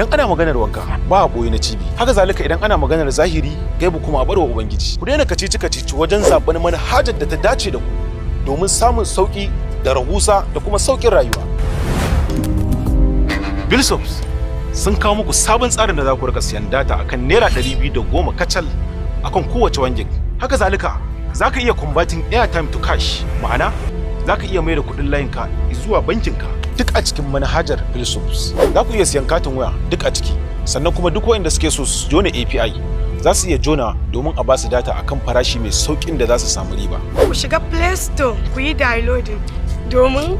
idan ana maganar wanka ba a boye na cibi haka zalika idan ana maganar zahiri gaibu kuma a barwa ubangiji ku daina kacici kacici wajen zaɓen manhajar da ta dace da ku domin samun sauƙi da rahusa da kuma sauƙin rayuwa bilsops sun kawo muku sabon tsarin da za ku rika siyan data akan naira ɗari biyu da goma kacal akan kowace wangin haka zalika za ka iya converting airtime to cash ma'ana za ka iya mai da kuɗin layinka zuwa bankin ka. duk a cikin manhajar Philosophes. Za ku iya siyan katin waya duk a ciki, sannan kuma duk waɗanda suke so su jona API za su iya jona domin a ba su data akan farashi mai sauƙin da za su samu riba. Ku shiga Play Store ku yi downloading domin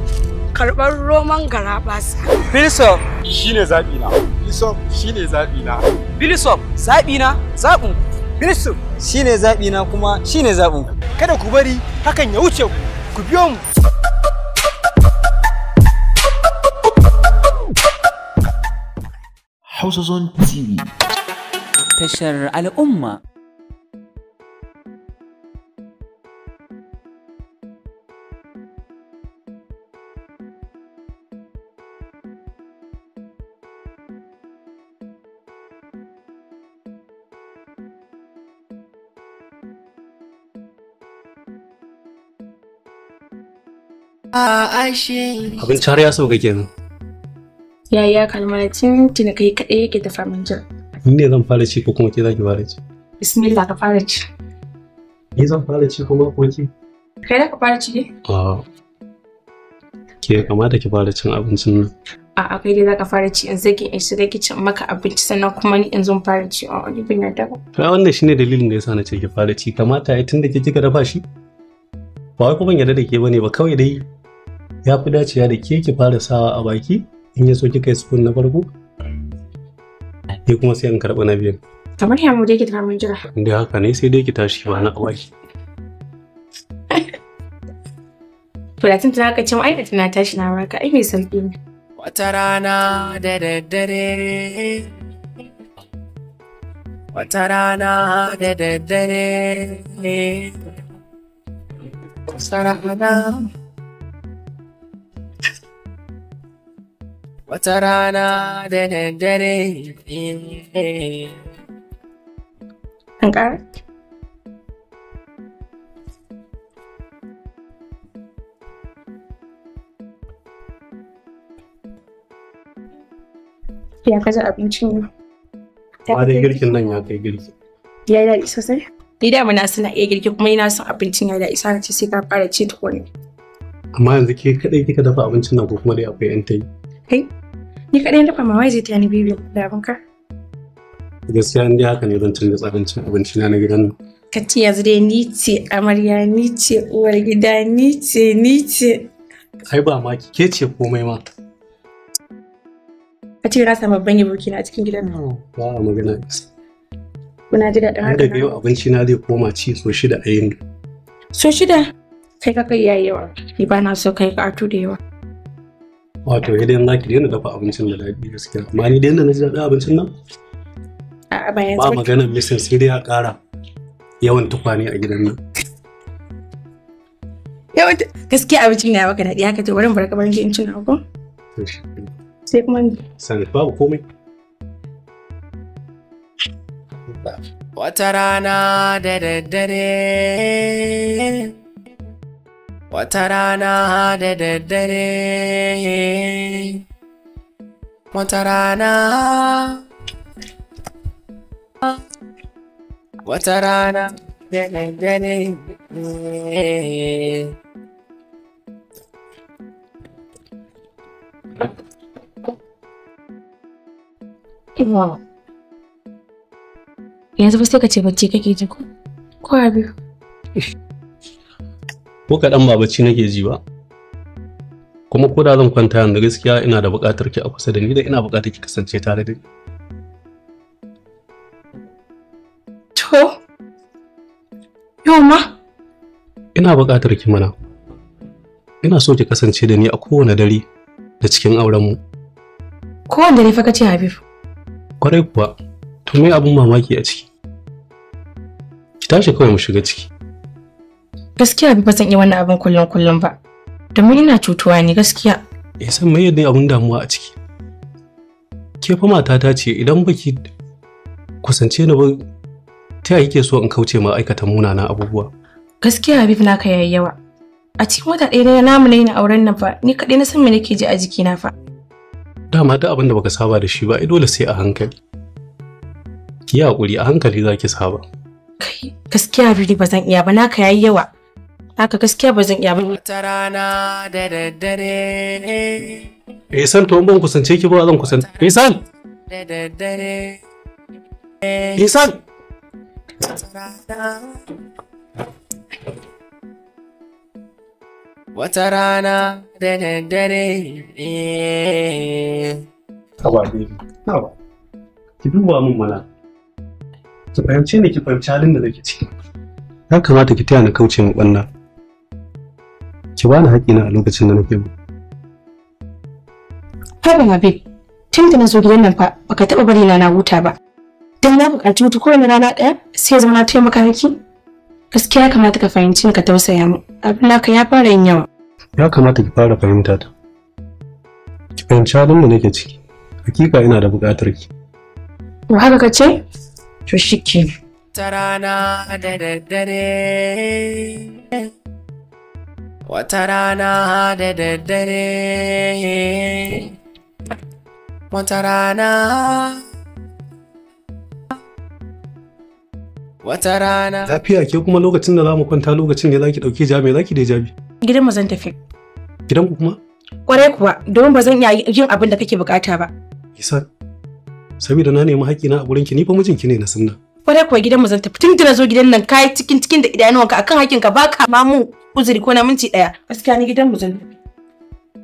karɓar roman garaɓasa. Bilisop shine zaɓi na. Bilisop shine zaɓi na. Bilisop zaɓi na zaɓin. Bilisop shine zaɓi na kuma shine zaɓin. Kada ku bari hakan ya wuce ku. Ku biyo mu. Hausa Zone TV. Tashar al'umma. Ah, Abin har ya sauka kenan. Yaya kalmacin kai kaɗai yake da famin jin. Ni ne zan fara ci ko kuma ke za ki fara ci? Bismillah ka fara ci. Ni zan fara ci kuma ko ke? Kai da ka fara ci ne? A'a. Ke kamata ki fara cin abincin nan. A'a kai dai za ka fara ci in zage in shiga kicin maka abinci sannan kuma ni in zan fara ci a wani bin yarda ba. To wannan shine dalilin da yasa na ce ki fara ci kamata ai tunda ke kika dafa shi. Ba wai kuma yadda da ke bane ba kawai dai ya fi dacewa da ke ki fara sawa a baki in ya so kika yi spoon na farko ni kuma sai an karɓi na biyu kamar ya mu dai ki mun jira da haka ne sai dai ki tashi ba na awaki to tana kacin ai da tana tashi na warka ai mai sauki ne wata rana da daddare wata rana da daddare wata rana wata rana da dare an ƙara ya kaji abincin yau ba da girkin nan ya kai girki ya yi daɗi sosai ni da na suna iya girki kuma ina son abincin ya daɗi sana ce sai ka fara ci kone. amma yanzu ke kaɗai kika dafa abincin nan ko kuma dai akwai 'yan yi. kai Ni kaɗai dafa ma wai zai ta ni da da ka? Gaskiya in dai haka ne zan canza tsarin cin abinci na gidan Ka ce yanzu dai ni ce amarya ni ce uwar gida ni ce ni ce. Ai ba ma ke ce komai ma. Ka ce na samu babban yabo kina a cikin gidan nan. Oh, ba a magana. Kuna ji daɗin haka. Daga yau abinci na zai koma ci so shida a yin. So shida? Kai ka kai yayi yawa. Ni ba na so kai ka atu da yawa. wato ya dai zaki daina dafa abincin da daɗi gaskiya amma ni daina na ji daɗin abincin nan ba magana misin sai dai ya ƙara yawan tukwane a gidan nan gaskiya abincin ya baka daɗi haka to bari bar kamar in cin abu sai kuma ni. san babu komai Wata rana da daddare Wata rana da daddare, wata rana, wata rana da daddare. Yanzu ba sai ka ce bacci kake ji ko? Ko abi? ko kaɗan ba bacci nake ji ba kuma ko da zan kwanta yanzu gaskiya ina da buƙatar ki a kusa da ni da ina buƙatar ki kasance tare da ni to yau ma ina buƙatar ki mana ina so ki kasance da ni a kowane dare da cikin aurenmu kowane dare fa kace Habib kwarai kuwa to me abin mamaki a ciki ki tashi kawai mu shiga ciki Gaskiya bi ba zan iya wannan abin kullum kullum ba. Domin ina cutuwa ne gaskiya. Ya eh, san mai yadda abin damuwa a ciki. Ke fa matata ce idan baki kusance ni ba ta yake so in kauce ma aikata munana abubuwa. Gaskiya Habib naka yayi yawa. A cikin wata ɗaya na namu ne na auren nan fa ni kaɗai na san me nake ji a jikina fa. Dama duk abin da baka saba da shi ba ai dole sai a hankali. Ki haƙuri a hankali za ki saba. Kai gaskiya Habib ba zan iya ba naka yayi yawa. haka gaskiya ba zan iya ba Wata rana da daddare eh san to ban kusance ki ba zan kusance eh san da daddare eh san wata rana da daddare Haba baby, haba. Ki duba min mana. Ki fahimce ni ki fahimci halin da nake ciki. Ya kamata ki taya ni kauce mu ɓanna. ki bani haƙƙina a lokacin da nake mu Haba Habib, tun da na zo gidan nan fa baka taɓa bari na na huta ba. Dan na buƙaci hutu kowane rana ɗaya sai ya zama na taimaka miki. Gaskiya ya kamata ka fahimci ka tausaya mu. Abin naka ya fara yin yawa. Ya kamata ki fara fahimta ta. Ki fahimci halin da nake ciki. Hakika ina da buƙatar ki. To haka ka ce? To shi ke. da daddare. wata rana da daddare wata rana wata rana lafiya ke kuma lokacin da za mu kwanta lokacin da za ki ɗauki jami za ki dai jabi gidan mu zan tafi gidan ku kuma kwarai kuwa domin ba zan iya yin abin da kake bukata ba isa sabida na nemi haƙƙina a gurinki ni fa mijinki ne na sunna kwarai kuwa gidan mu zan tafi tun na zo gidan nan kai cikin cikin da idanuwanka akan hakin ka baka ma mu uzuri ko na minti daya gaskiya ni gidan mu zan tafi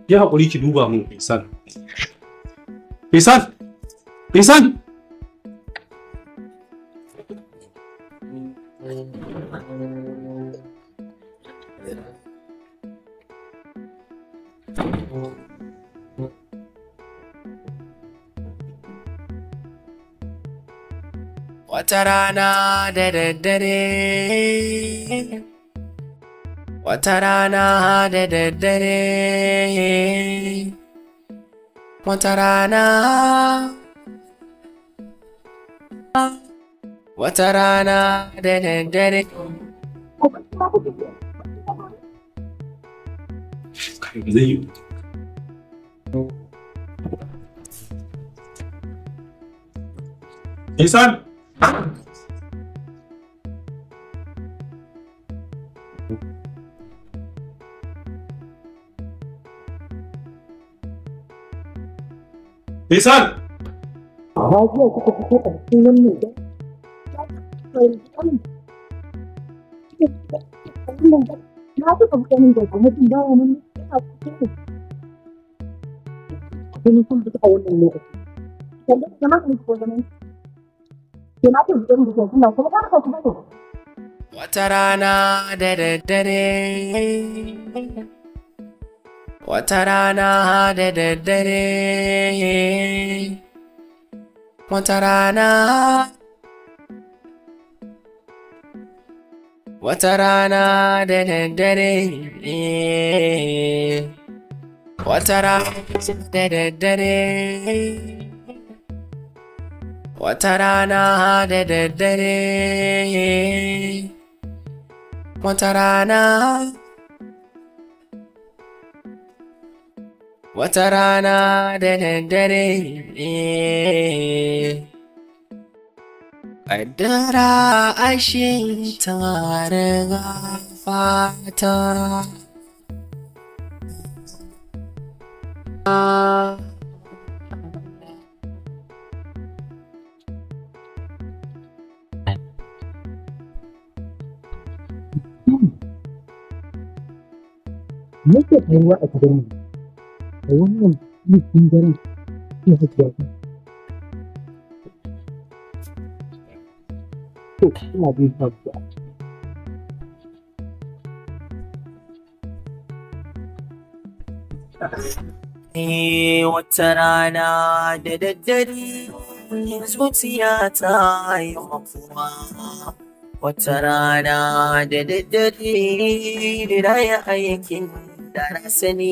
ya hakuri ki duba mun Faisal Faisal Faisal Thank you. Wata rana da daddare Wata rana da daddare Wata rana Wata rana da daddare Isan! Nisan! Bajiya kika fito a cikin wannan da na fi ka fita min da gwamnatin baya nan yana kuke ne. Abin kun fita a wannan lokaci. Yanda ka zama ka mutu ke ma ke jikin jikin kuma kuma ta maka Wata rana da daddare Wata rana da daddare Wata rana Wata rana da daddare Wata rana da daddare Wata rana da daddare, wata rana, wata rana da daddare. Ƙaddara ashe ta riga fata. muke ke a cikin mu a wannan cikin daren ke hajiya ta to ina bin hajiya eh, wata rana da daddare zuciya ta yi mafuwa wata rana da daddare da ya aikin da na sani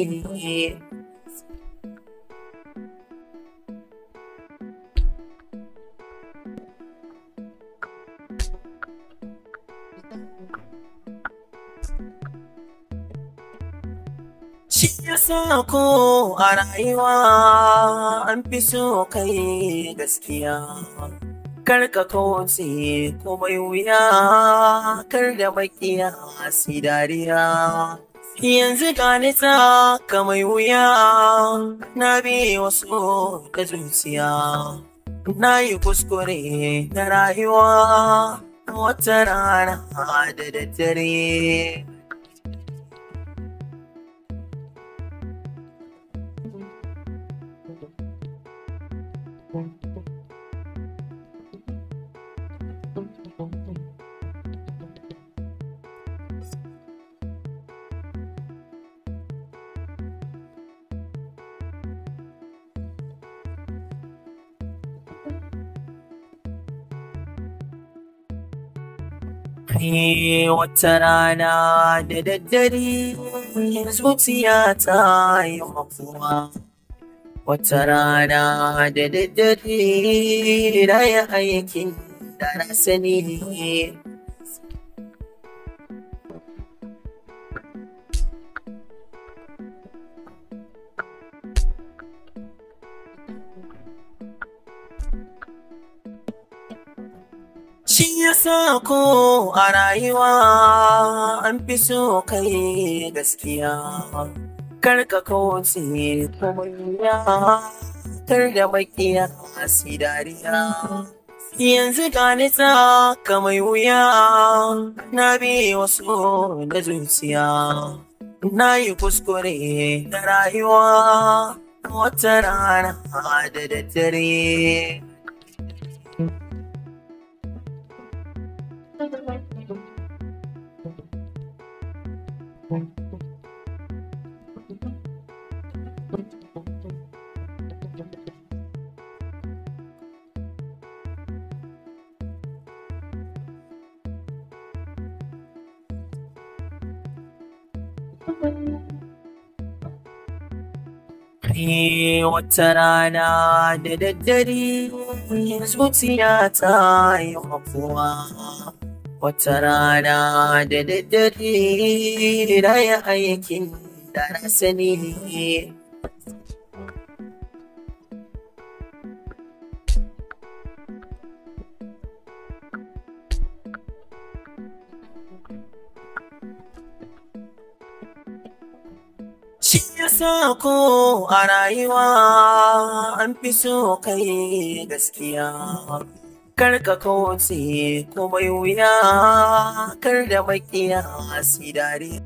Shi yasa ko a rayuwa an fi so kai gaskiya. Kar ka kauce ko mai wuya, kar da makiya si dariya. yanzu nisa ka mai wuya na biye wasu ka zuciya na yi kuskure na rayuwa wata rana da daddare wata rana da daddare zuciya ta yi mafuwa wata rana da daddare na yi aikin da na sani ya sa ko a rayuwa an fi so kai gaskiya karka kawance kuma tar da makiya masu dariya yanzu ka ta kamar wuya na bi wasu da zuciya na yi kuskure da rayuwa wata rana da daddare wata rana da daddare zuciya ta yi hafuwa wata rana da daddare na yi aikin da na ko a rayuwa an fi so kai gaskiya. Kar ka kauce ko mai wuya kar da makiya dare.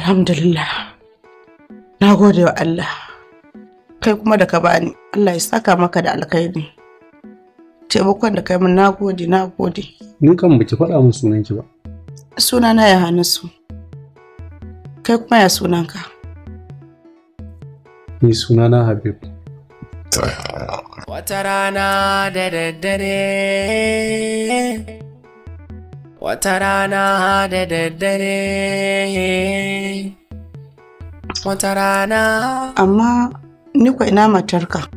alhamdulillah na gode wa Allah kai kuma da ka bani Allah ya saka maka da alkhairi taimakon da kai min na gode na gode ni kan baki faɗa min sunan ki ba sunana ya hanasu kai kuma ya sunanka ni sunana habib wata rana da daddare wata rana da daddare wata rana amma ni kwa ina matarka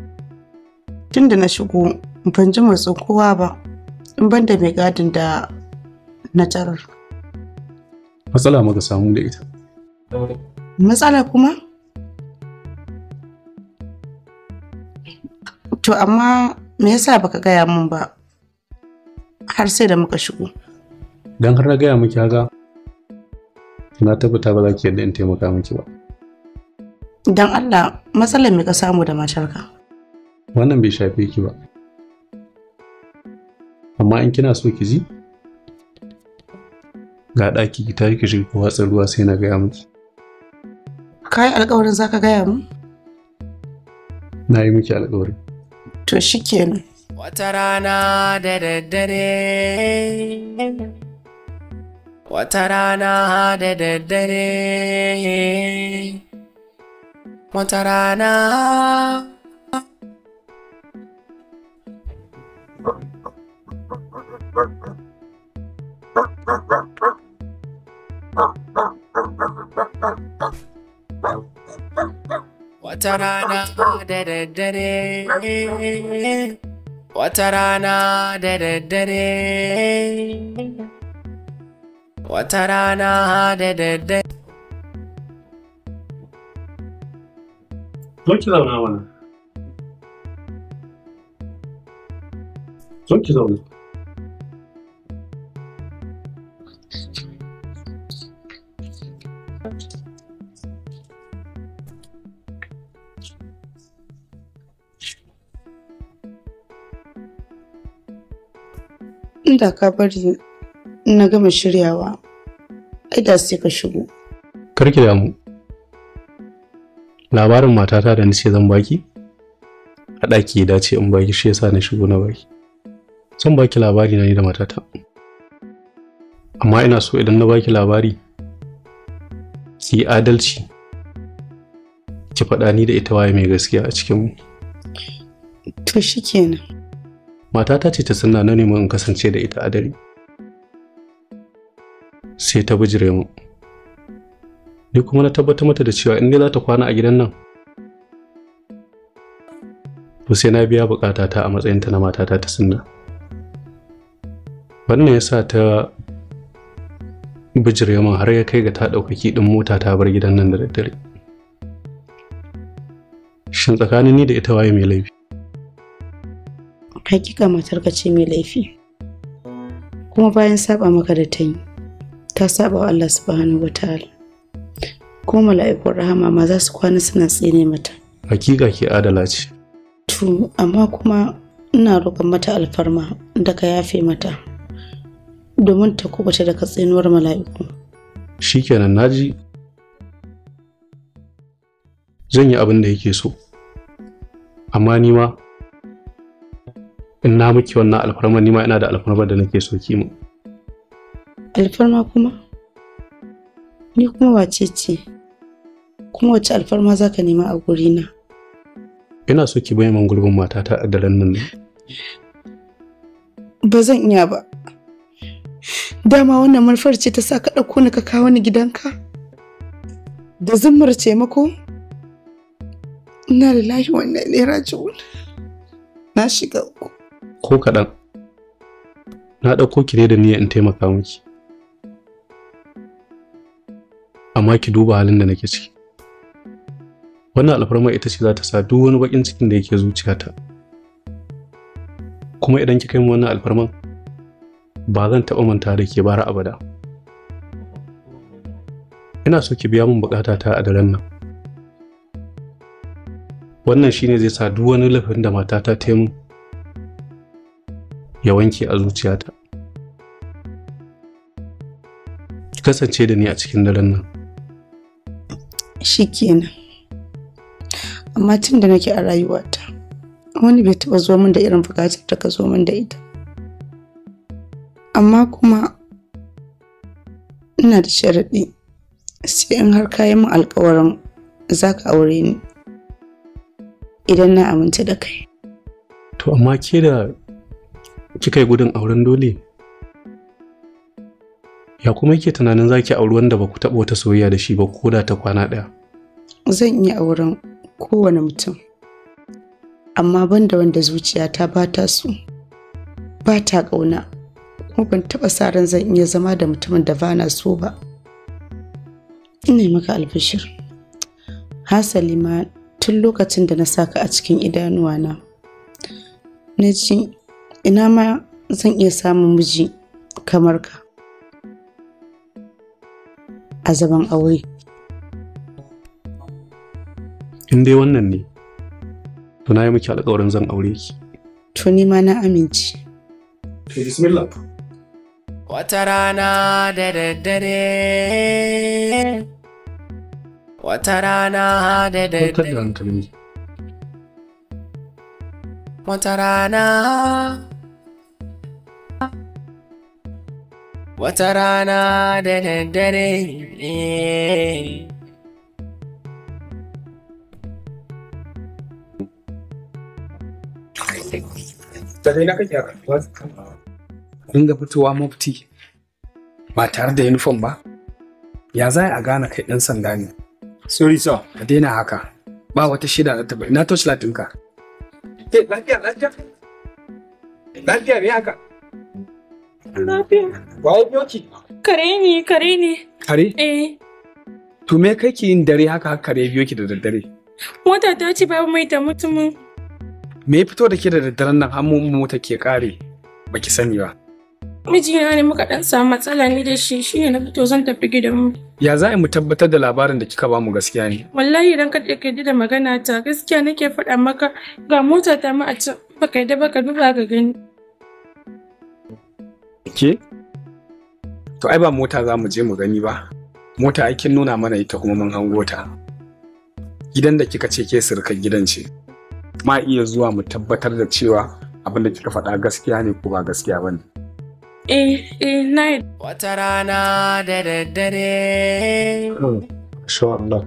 tun da na shigo ban ji motsin kowa ba in ban da mai gadin da na tarar matsala maka samu da ita matsala kuma to amma me yasa baka gaya min ba har sai da muka shigo idan har na gaya miki haka na tabbata ba za ki yadda in taimaka miki ba don Allah matsalar me ka samu da matarka wannan bai shafe ki ba amma in kina so ki ji ga ɗaki ki tafi ki shiga watsa ruwa sai na gaya miki ka yi alkawarin za gaya mu na yi miki alkawari to shikenan wata rana da daddare Watarana de de de de. daddare Watarana de de de de. Watarana de de de de. wata rana da dade. Zoki zauna mana. Zoki ki zauna. Da ka bari na gama shiryawa ai da sai ka shigo karki damu labarin matata da nace zan baki a ɗaki ya dace in baki shi yasa na shigo na baki zan baki labari na ni da matata amma ina so idan na baki labari ki adalci ki faɗa ni da ita waye mai gaskiya a cikin mu to shikenan matata ce ta sanna na neman in kasance da ita a dare sai ta bijire mu ni kuma na tabbatar mata da cewa in za ta kwana a gidan nan to sai na biya bukata ta a ta na matata ta sunna wannan ya sa ta bijire min har ya kai ga ta ɗaukaki ɗin mota ta bar gidan nan da daddare shin tsakanin ni da ita waye mai laifi hakika ka ce mai laifi kuma bayan saba maka da ta yi ta saba wa Allah subhanahu wataala ko mala'ikun rahama ma za su kwana suna tsine mata hakika ke adala ce to amma kuma ina roƙon mata alfarma da yafe mata domin ta kubuta daga tsinuwar mala'iku shikenan naji zan yi abin da yake so amma ni ma in miki wannan alfarma ni ina da alfarmar da nake so ki alfarma kuma ni kuma wace ce kuma wace alfarma za ka nema a gurina ina so ki bayan gurbin matata a daren nan ba zan iya ba dama wannan manufar ce ta sa ka ɗauko ni ka kawo ni gidanka da zummar ce mako ina lillahi wannan ne rajul. na shiga uku ko kaɗan na ɗauko ki ne da niyyar in taimaka miki amma ki duba halin da nake ciki wannan alfarma ita ce za ta sa duk wani bakin cikin da yake zuciyata kuma idan kika yi wannan alfarman ba zan taɓa manta da ke bara abada ina so ki biya min bukata ta a daren nan wannan shine zai sa duk wani lafin da matata ta yi ya wanke a zuciyata ki kasance da ni a cikin daren nan shikenan amma tun da nake a rayuwata wani bai taɓa zo min da irin buƙatar da ka zo min da ita amma kuma ina da sharaɗi sai in har kayan min alkawarin za ka aure ni idan na amince da kai to amma ke da kika yi gudun auren dole ya kuma yake tunanin za ki auri wanda ba ku taɓa wata soyayya da shi ba ko da ta kwana ɗaya zan iya auren kowane mutum amma ban da wanda zuciyata ba ta so ba ta ƙauna kuma ban taɓa sa ran zan iya zama da mutumin da ba na so ba ina maka albishir hasali ma tun lokacin da na saka a cikin idanuwana na ji ina ma zan iya samun miji kamar ka a zaman aure. In dai wannan ne, to na yi miki alƙawarin zan aure ki. To ni ma na amince. To bismillah. Wata rana da daddare. Wata rana da daddare. Wata rana. wata rana da daddare eh. Dinga fitowa mafti ba tare da yunifom ba? Ya za a gane kai ɗan sanda ne? Sorry sir. Ka daina haka. Ba wata shida na taɓa. Na touch latinka. Lafiya, lafiya. Lafiya ne haka? Lafiya. Waye biyo ki? Kare ne, kare ne. Kare? Eh. To me kake yin dare haka kare biyo ki da daddare? Mota ta babu mai da mutumin. Me ya fito da ke da daddaren nan har mota ke kare? Baki sani ba. Mijina ne muka dan samu matsala ne da shi shine na fito zan tafi gidanmu. Ya za mu tabbatar da labarin da kika bamu gaskiya ne? Wallahi idan ka take da magana ta gaskiya nake faɗa maka ga mota ta ma a can baka da baka duba ka gani. Ke? To ai ba mota za mu je mu gani ba. Mota ai nuna mana ita kuma mun hango ta. Gidan da kika ce ke sirkar gidan ce. Ma iya zuwa mu tabbatar da cewa abin da kika faɗa gaskiya ne ko ba gaskiya ba ne. Eh, eh, na Wata rana da daddare. Hmm,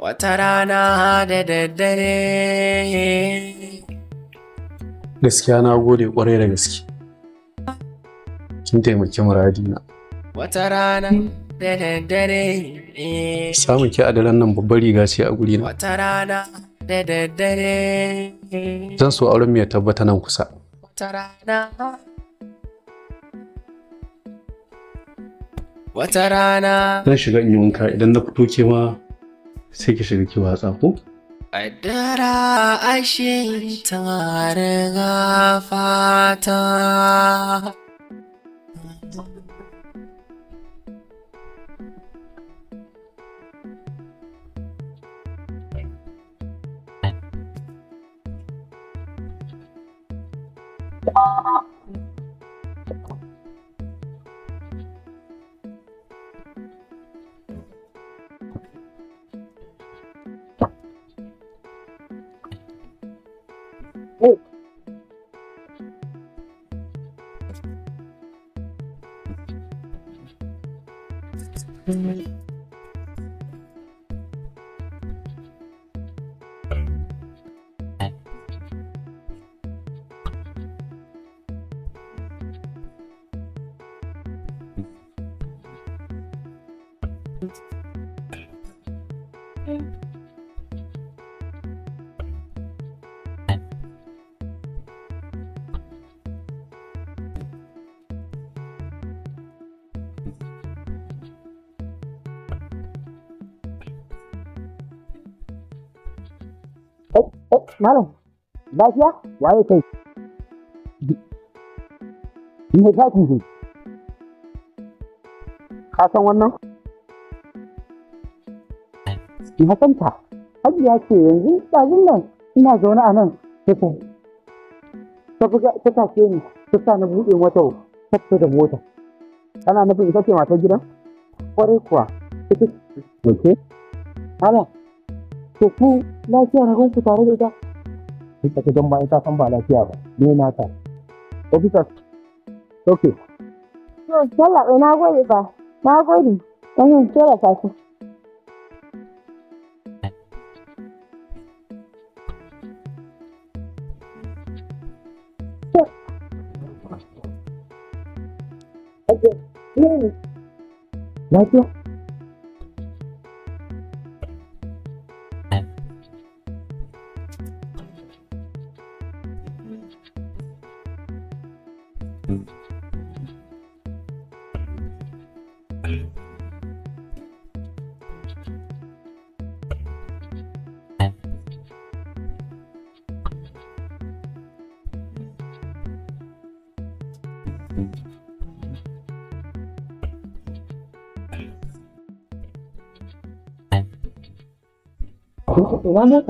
Wata rana da daddare. Gaskiya na gode kwarai da gaske. Sun taimaki muradina wata rana da daddare eh, samun ki a daren nan babbar riga ce a gurina wata rana da daddare eh. zan so auren mu ya tabbata nan kusa wata rana wata rana zan shiga in yi wanka idan na fito ke ma sai ki shiga ki watsa ko A ashe tare ga fata Mm-hmm. eh oh, eh oh, malam lafiya waye kai me ka ki ka san wannan ki hasanta hajiya ce yanzu ɗazun nan ina zaune a nan sai ta buga ta tashe ni na buɗe mata ta da mota kana nufin ita ce matar gidan kwarai kuwa ita ce mace to ku lafiya na gunku tare da ita duk da don ba ita san ba lafiya ba ne na ta officers okay to yalla ba na gode ba na gode dan yin kera ta ku Lafiya? la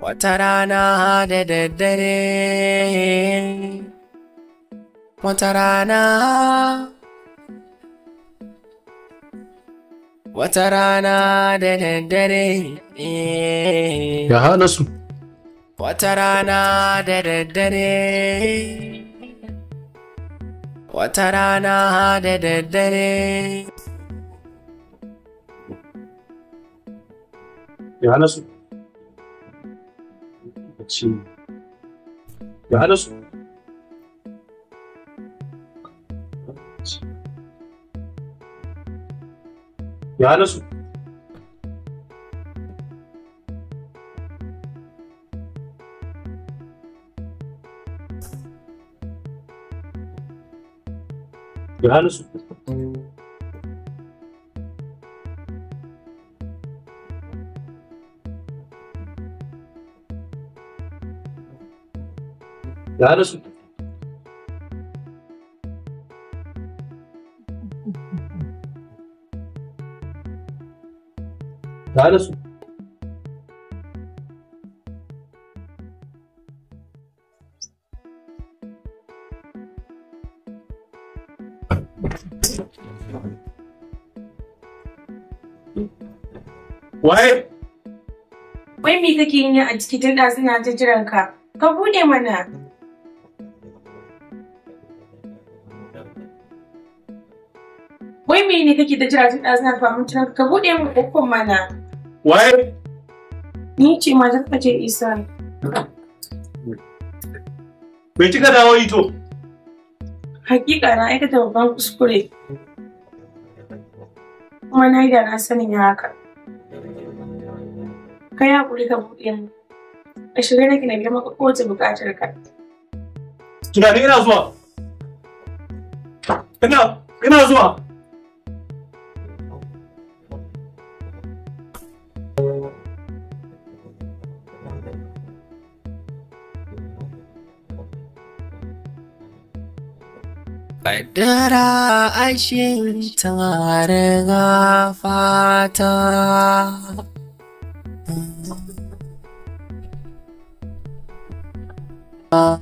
Watarana de de de de. Watarana. Watarana de de de de. Ya hana su. de de de de. wata rana da daddare Yohanasu Yohanasu Yohanasu Yohanasu. Yohanasu. Yohanasu. Wai? Wai me kake yi a ciki tun da suna ta jiran ka? Ka bude mana. Wai me ne kake da jira tun da suna ta? mun ka? Ka bude mu kokon mana. Wai? Ni ce ma ta ce Isa. Me kika dawo ito? Hakika na aikata babban kuskure. Kuma na yi da na sanin haka. ka ya haƙuri ka buɗe mu a shirye nake na biya maka kowace buƙatar ka tunanin ina zuwa ina ina zuwa Kaddara ashe ta riga fata Uh...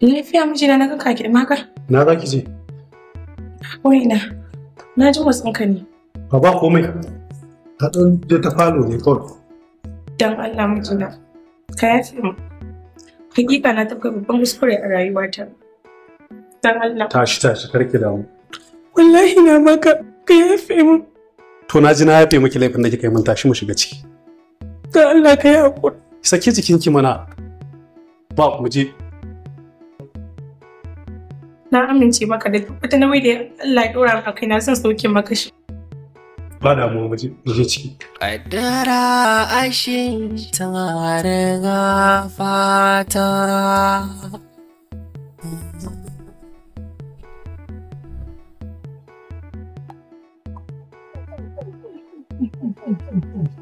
Lafiya mijina na kanka ki maka? Na ga ki je. Ko Na ji ka ne. Ba ba komai. Ta je ta falo ne kawai. Dan Allah mijina. ka yafe mu hakika na tafka babban kuskure a rayuwata dan Allah tashi tashi karki damu wallahi na maka ka yafe mu to na ji na yafe miki laifin da kika yi mun tashi mu shiga ciki dan Allah ka yi hakuri saki jikinki mana ba mu je na amince maka da duk wata nauyi da Allah ya dora maka na son sauke maka shi ba da mu muje muje ciki a kaddara ashin ta riga fata Thank you.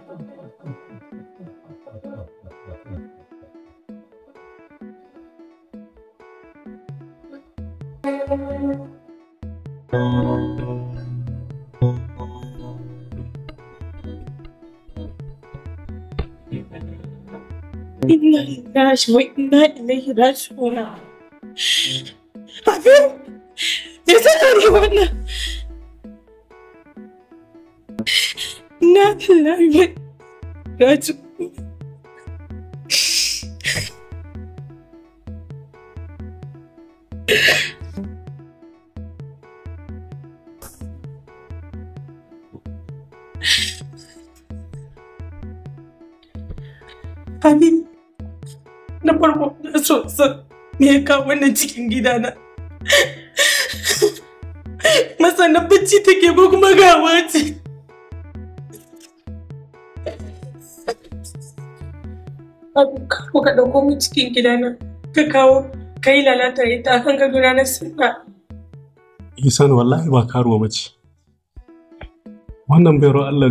لله وإنا إليه راجعون Amin. na farko na so san me ya kawo wannan cikin gidana masa na bacci take ko kuma gawa ce ko ka ɗauko mu cikin gidana ka kawo ka yi lalata ya akan ka gina na sirra Isan wallahi ba karuwa ba ce wannan bayarwa Allah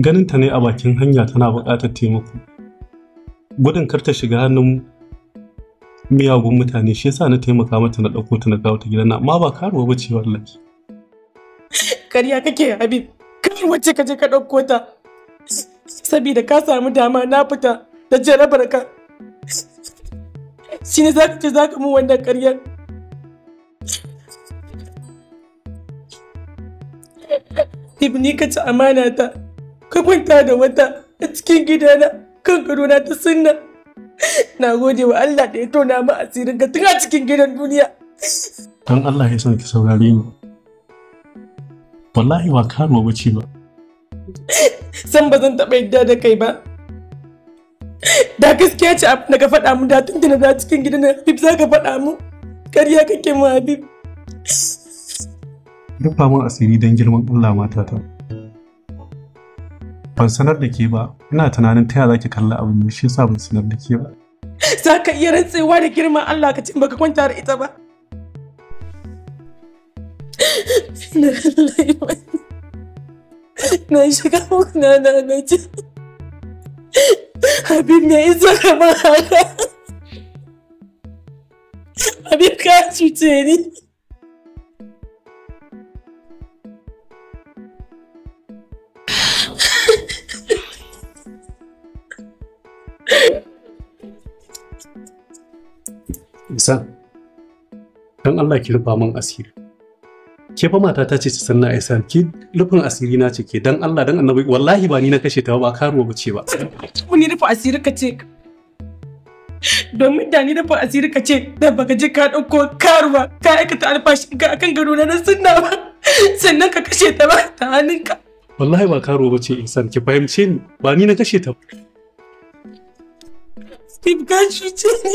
ganin ta ne a bakin hanya tana buƙatar taimako gudun kar ta shiga hannun miyagun mutane shi yasa na taimaka mata na ɗauko ta na kawo ta gidana amma ba karuwa ba ce wallahi ƙarya kake habib Kar wacce ka je ka ɗauko ta saboda ka samu dama na fita da jarabar shi ne za ka ce za ka mu wannan ƙaryar Ibni ka ci amana ta, ka kwanta da wata a cikin gidana. kan na ta sunna na gode wa Allah da ya tona mu asirin ka tun a cikin gidan duniya dan Allah ya sauki ki saurare ni wallahi ba karuwa bace ba san ba zan taɓa yadda da kai ba da gaskiya ce abin da ka faɗa mu da tuntuna da cikin gidan Habib za ka faɗa mu ƙarya kake mu Habib rufa mu asiri don girman Allah matata ban sanar da ke ba ina tunanin ta za ki kalla mai shi yasa ban sanar da ke ba za ka iya rantsewa da girma Allah ka ce baka kwanta da ita ba na shiga muku na na na ce Abin ya isa ba haka abin ka cuce ni Isan, don Allah ki rufa min asiri. Ke fa mata ta ce ta sanna isa, ki rufin asiri na ce ke don Allah don annabi wallahi ba ni na kashe ta ba karuwa ba ce ba. ni rufa asiri ka ce domin da ni rufa asiri ka ce da baka je ka ɗauko karuwa ka aikata alfashi ga akan gado na sunna ba sannan ka kashe ta ba ta hannunka. Wallahi ba karuwa ba ce Isan ki fahimce ni ba ni na kashe ta ba. Steve ka cuce ni.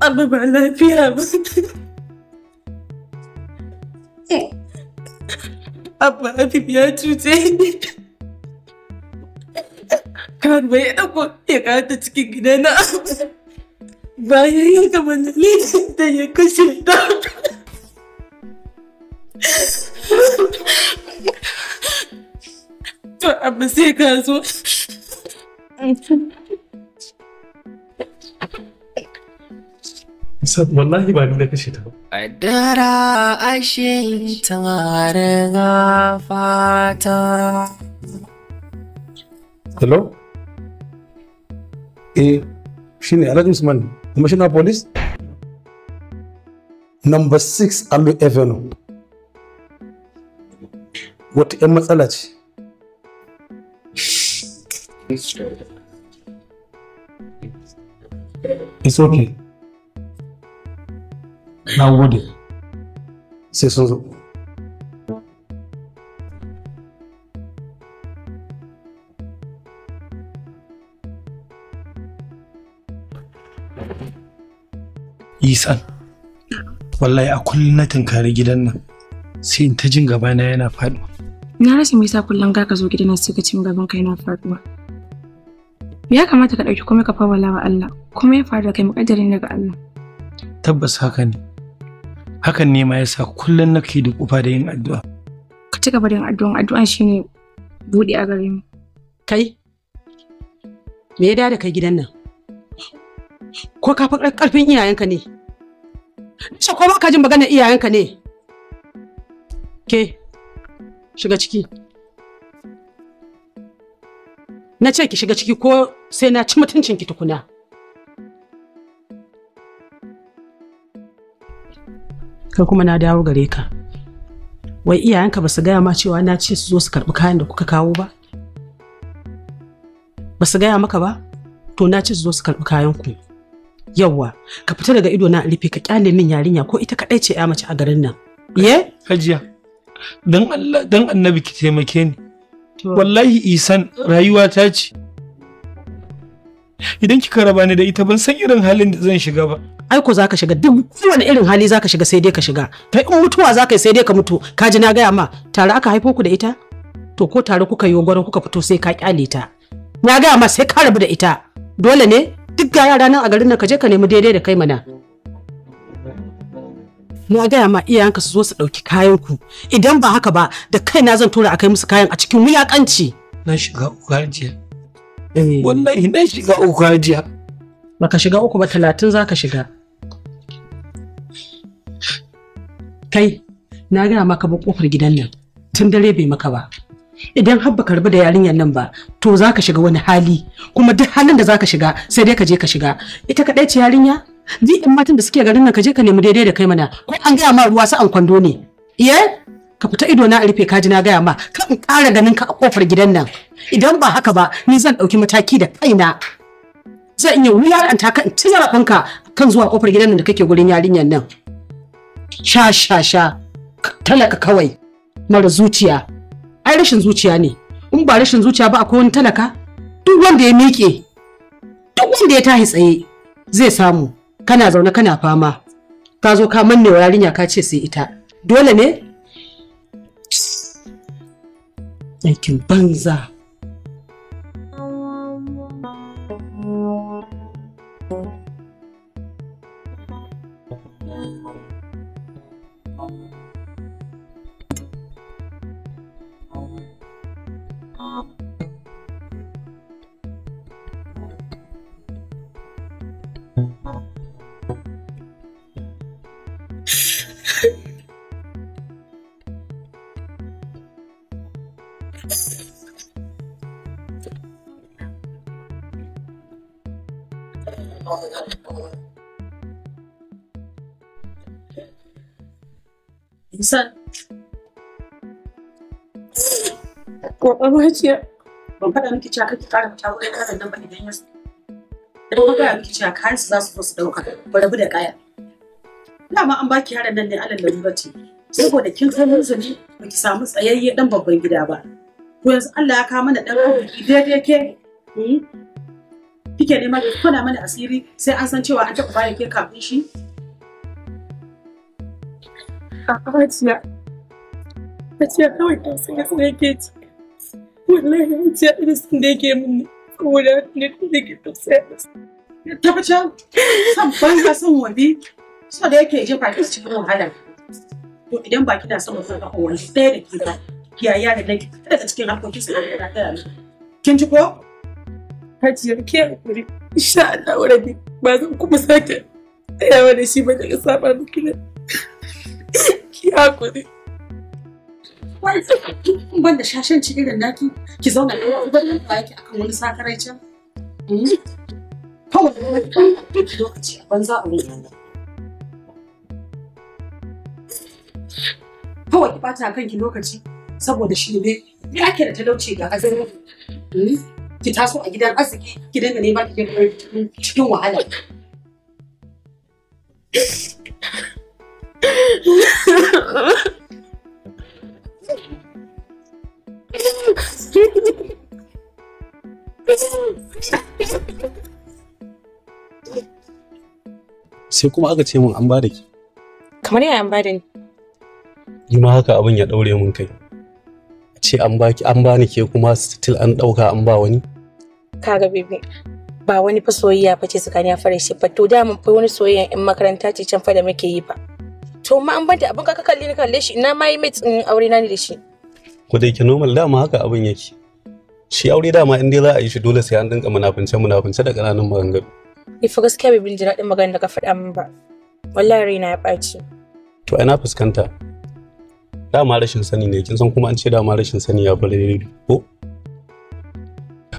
amma ba lafiya ba abba abib ya cuce ni kan bai ɗauko ya kata cikin gida na bayan ya gama dalilin da ya kashe ta to abba sai ka zo Sa'ad wallahi ba nuna kashe ta ba. ashe ga fata. Hello? Eh, shi ne Alhaji Usman, Commissioner Police? Number 6 Wata 'yan matsala ce. It's okay. na gode sai sun zo isan wallahi a kullum na tunkari gidan nan sai in ta jin gabana yana faɗuwa na rasa me yasa kullum ka zo gidan nan sai ka cin gaban ka yana faɗuwa ya kamata ka ɗauki kuma ka fawala wa Allah kuma ya faru da kai muƙaddari daga Allah tabbas haka ne hakan ne ma yasa kullum nake da kufa da yin addu'a ka ci gaba da yin addu'a addu'a shine buɗe a gare mu kai me ya da kai gidan nan ko ka fa karfin iyayenka ne shi ko ka jin maganar iyayenka ne ke shiga ciki na ce ki shiga ciki ko sai na ci mutuncinki tukuna kai kuma na dawo gare ka wai iyayenka ba su gaya ma cewa na ce su zo su karɓi kayan da kuka kawo ba ba su gaya maka ba to na ce su zo su karɓi kayan ku yawwa ka fita daga ido na rufe ka kyale min yarinya ko ita kaɗai ce ya mace a garin nan ye hajiya dan Allah dan annabi ki taimake ni wallahi isan rayuwa ta ce idan kika raba ni da ita ban san irin halin da zan shiga ba aiko zaka shiga duk kowane irin hali zaka shiga sai dai ka shiga kai in mutuwa zaka sai dai ka mutu ka ji na gaya ma tare aka haifo ku da ita to ko tare kuka yi gwaro kuka fito sai ka kyale ta na gaya ma sai ka rabu da ita dole ne duk ga yara nan a garin nan ka je ka nemi daidai da kai mana na gaya ma iyayenka su zo su ɗauki kayan ku idan ba haka ba da kaina zan tura a kai musu kayan a cikin wuyakanci na shiga ukarjiya eh. Wannan na shiga ukarjiya baka shiga uku ba talatin zaka shiga kai na gaya maka ba kofar gidan nan tun dare bai maka ba idan har baka rabu da yarinyar nan ba to zaka shiga wani hali kuma duk halin da zaka shiga sai dai ka je ka shiga ita kaɗai ce yarinya ji in matan da suke garin nan ka je ka nemi daidai da kai mana ko an gaya ma ruwa su an kwando ne iye ka fita ido na rufe ji na gaya ma ka in ƙara ganin ka a kofar gidan nan idan ba haka ba ni zan ɗauki mataki da kaina zan iya wuyar an taka in ci zarafinka kan zuwa kofar gidan nan da kake gurin yarinyar nan sha sha sha talaka kawai mara zuciya ai rashin zuciya ne in ba rashin zuciya ba akwai wani talaka duk wanda ya miƙe duk wanda ya tahi tsaye zai samu kana zaune kana fama ka zo ka manne wa yarinya ka ce sai ita dole ne aikin banza san ƙwaƙwalwaciyar ban faɗa miki cewa kake ƙara fita wurin kazan nan ba idan ya dan ba gaya miki cewa kayan su za su zo su ba rabu da kaya ma an baki yaran nan ne alal da ce saboda kin san kai musu ba ki samu tsayayye dan babban gida ba Ko yanzu Allah ya kawo mana dan arziki daidai ke hmm? kike nema ki kula mana asiri sai an san cewa an taɓa bayar ke kafin shi a hajiya hajiya kawai ta san yasa yake ci wallahi hajiya irin sun da yake min saboda ne da ke tausaya tabbacin san banza san wabi so da yake jefa ki cikin wahala to idan ba kina son mutum wani ɗaya da kika yaya da ta daga cikin harkokin su da ta kin ji ko hajiyar ke hakuri insha Allah wani ba zan kuma sake tsayawa da shi ba daga saba ki hakuri ban da shashanci irin naki ki zauna da wani ban da yake akan wani sakarai can hmm? kawai lokaci a banza a wani kawai ki bata kanki lokaci saboda shi ne ya ake da talauci ga azumi hmm? ki taso a gidan arziki ki dinga neman cikin wahala sai kuma aka ce min an ba da ki kamar yaya an ba da ni ni ma haka abin ya daure mun kai a ce an ba ki an ba ni ke kuma still an ɗauka an ba wani kaga bebe ba wani fa soyayya fa ce tsakanin a fara shi fa to da mun fa wani soyayya in makaranta ce can fa da muke yi fa to ma an banta abin kaka kalli ni kalle shi ina ma yi mai aure na ni da shi ko dai ki normal dama haka abin yake shi aure dama in dai za a yi shi dole sai an dinka munafince munafince da ƙananan maganganu ni fa gaskiya bai bin ji daɗin maganar da ka faɗa min ba wallahi raina ya ɓaci to ina fuskanta dama rashin sani ne kin san kuma an ce dama rashin sani ya bar ko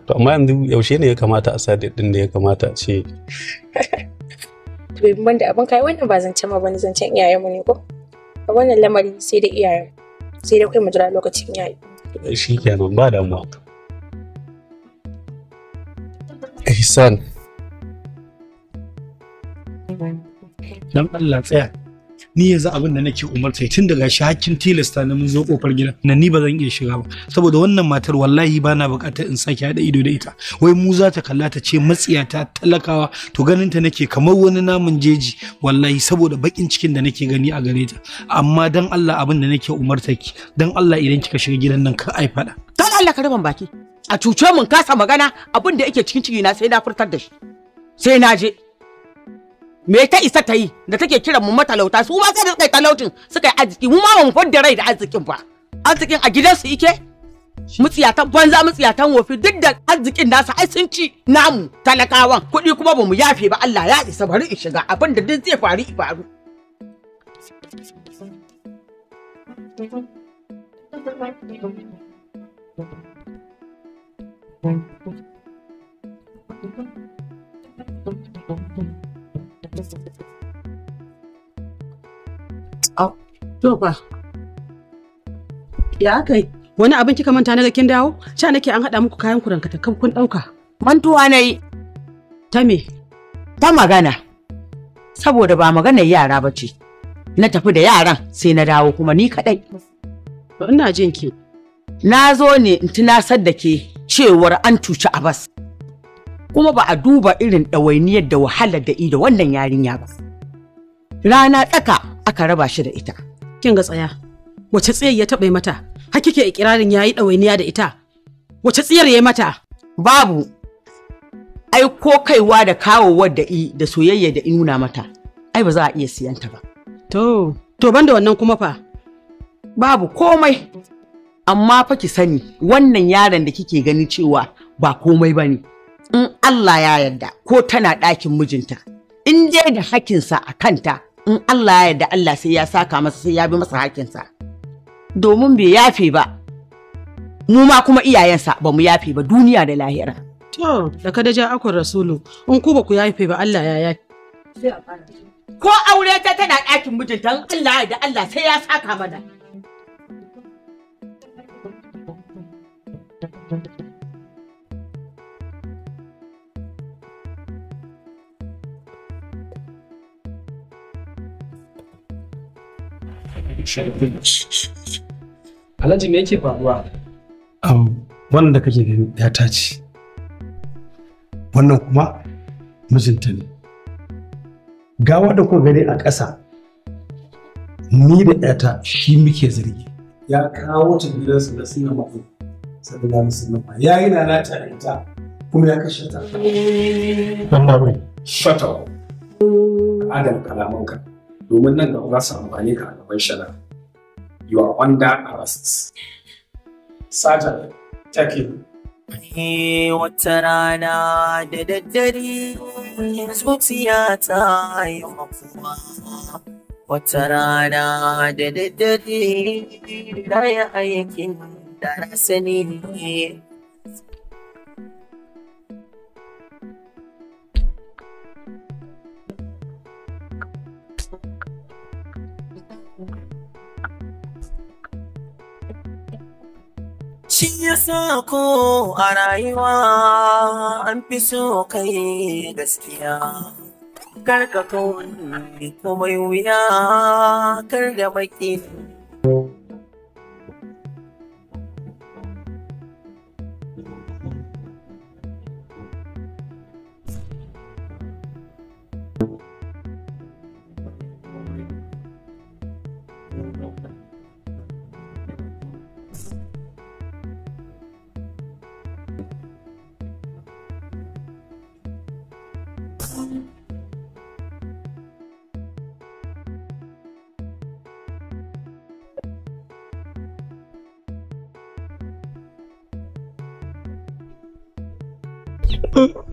to amma yanzu yaushe ne ya kamata a sa din da ya kamata a ce to bai banda abin kai wannan ba zance ma bane zancen mu ne ko a wannan lamari sai da iyayen sai da kai mu jira lokacin yayi shi ke nan ba damuwa ihsan dan Allah tsaya ni yanzu abin da nake umarta tun daga shi hakkin tilasta na mun zo kofar gidan na ni ba zan iya shiga ba saboda wannan matar wallahi ba na bukatar in sake haɗa ido da ita wai mu za ta kalla ta ce ta talakawa to ganin ta nake kamar wani namun jeji wallahi saboda bakin cikin da nake gani a gare ta amma dan Allah abin da nake umarta ki dan Allah idan kika shiga gidan nan ka ai fada dan Allah ka ruban baki a cuce mun kasa magana abin da yake cikin ciki na sai na furtar da shi sai na je me ta isa ta yi da take kiran mu matalauta su ma sai da suka yi talautin suka yi arziki mu ma ba mu fadda rai da arzikin ba arzikin a gidansu ike mutsiyatan banza mutsiyatan wofi duk da arzikin nasa ai sun ci namu talakawan kuɗi kuma ba mu yafe ba Allah ya isa bari in shiga abin da duk zai faru i faru Thank you. Wani abin kika manta na kin dawo? Sha nake an haɗa muku kayan ku ta kan kun ɗauka. Mantuwa na yi. Ta me? Ta magana. Saboda ba maganar yara ba ce. Na tafi da yaran sai na dawo kuma ni kaɗai. Ina jin ki. Na zo ne in tunasar da ke cewar an cuci Abbas. kuma ba a duba irin ɗawainiyar da wahalar da ido wannan yarinya ba. Rana tsaka aka raba shi da ita. Kin ga tsaya, wace tsiyar ya taɓa mata, hakike ikirarin ya yi ɗawainiya da ita, wace tsayar ya mata? Babu, ai ko kaiwa da kawowar da i da soyayya da inuna nuna mata, ai ba za a iya siyanta ba. To, to ban da wannan kuma fa? Babu komai, amma fa ki sani wannan yaron da kike gani cewa ba komai ba ne. in Allah ya yarda ko tana ɗakin mijinta in dai da hakinsa a kanta in Allah ya yarda Allah sai ya saka masa sai ya bi masa hakinsa domin bai yafe ba mu ma kuma iyayensa ba mu yafe ba duniya da lahira. To, da kada ja akwai rasulu, in ku ba ku yafe ba Allah ya yafe. Ko aure ta tana ɗakin mijinta in Allah da Allah sai ya saka mana. Alhaji me yake faruwa? Wannan da kake gani ya tace. Wannan kuma mijinta ne. Gawa da kuka gani a ƙasa ni da ƴata shi muke zargi. Ya kawo ta gidansu da suna mafi. Sabbin da musulman ya yi na nata da ita kuma ya kashe ta. Eh. Wannan bai. Shata up. Mm. Adam kalamanka. domin nan gaba za su amfani ka a gaban shari'a you are under arrest sergeant take him wata rana da daddare zuciya ta yi mafuwa wata rana da daddare na yi aikin da na sani Shi sa ko a rayuwa an fi so kai gaskiya. Karka kawai komai wuya kar da baƙi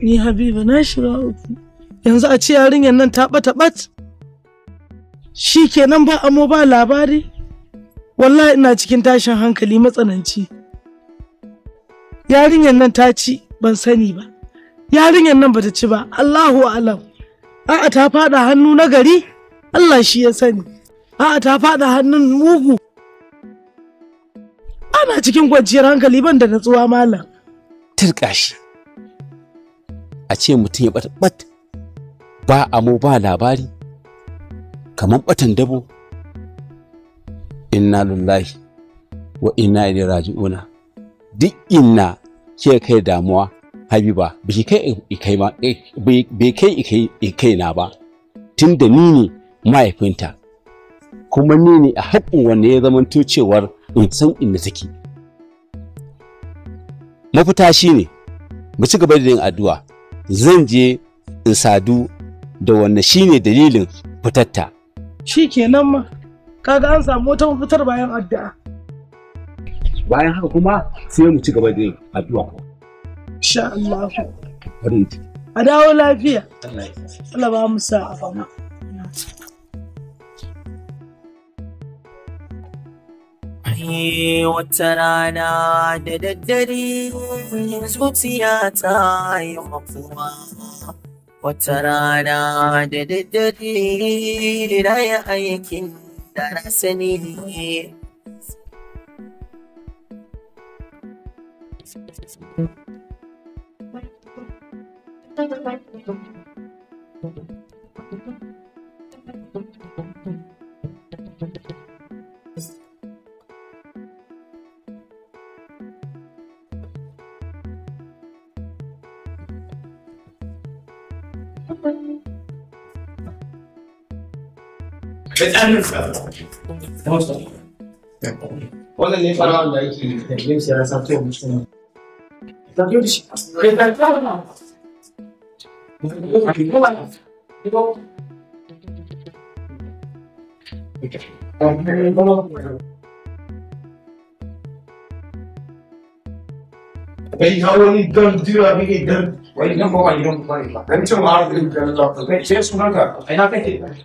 ni habiba na shiga uku yanzu a ce yarinyar nan ta bata bat shi kenan ba amo ba labari wallahi ina cikin tashin hankali matsananci yarinyar nan ta ci ban sani ba yarinyar nan bata ci ba allahu alam a'a ta fada hannu na gari allah shi ya sani a'a ta fada hannun mugu ana cikin kwanciyar hankali ban da natsuwa malam tirkashi a ce mutum ya bata bat ba amo ba labari kamar batan dabo inna lullahi wa inna ilaihi raji'una duk inna ke kai damuwa habiba eh, bai kai ikai bai kai ikai na ba tunda ni ne mahaifinta kuma ni ne a haƙƙin wanne ya zama cewar in san inda take mafita shine mu ci gaba da yin addu'a zan je in sadu da wannan shine dalilin fitatta shi kenan ma kaga an samu wata fitar bayan addu'a bayan haka kuma sai mu ci gaba da yin addu'a insha Allah a dawo lafiya Allah ba mu sa'a wallahi wata rana da daddare zuciya ta yi makuwa, wata rana da daddare na yi aikin da na Thank you. بتألف وانا اللي فرعون يمشي على ساعتين مش تمام طب يمشي Hey, how are you going to do that? You don't, well, you don't know what you're going to play. Then tomorrow, you're going to talk to me. Cheers, Monica. And I think it.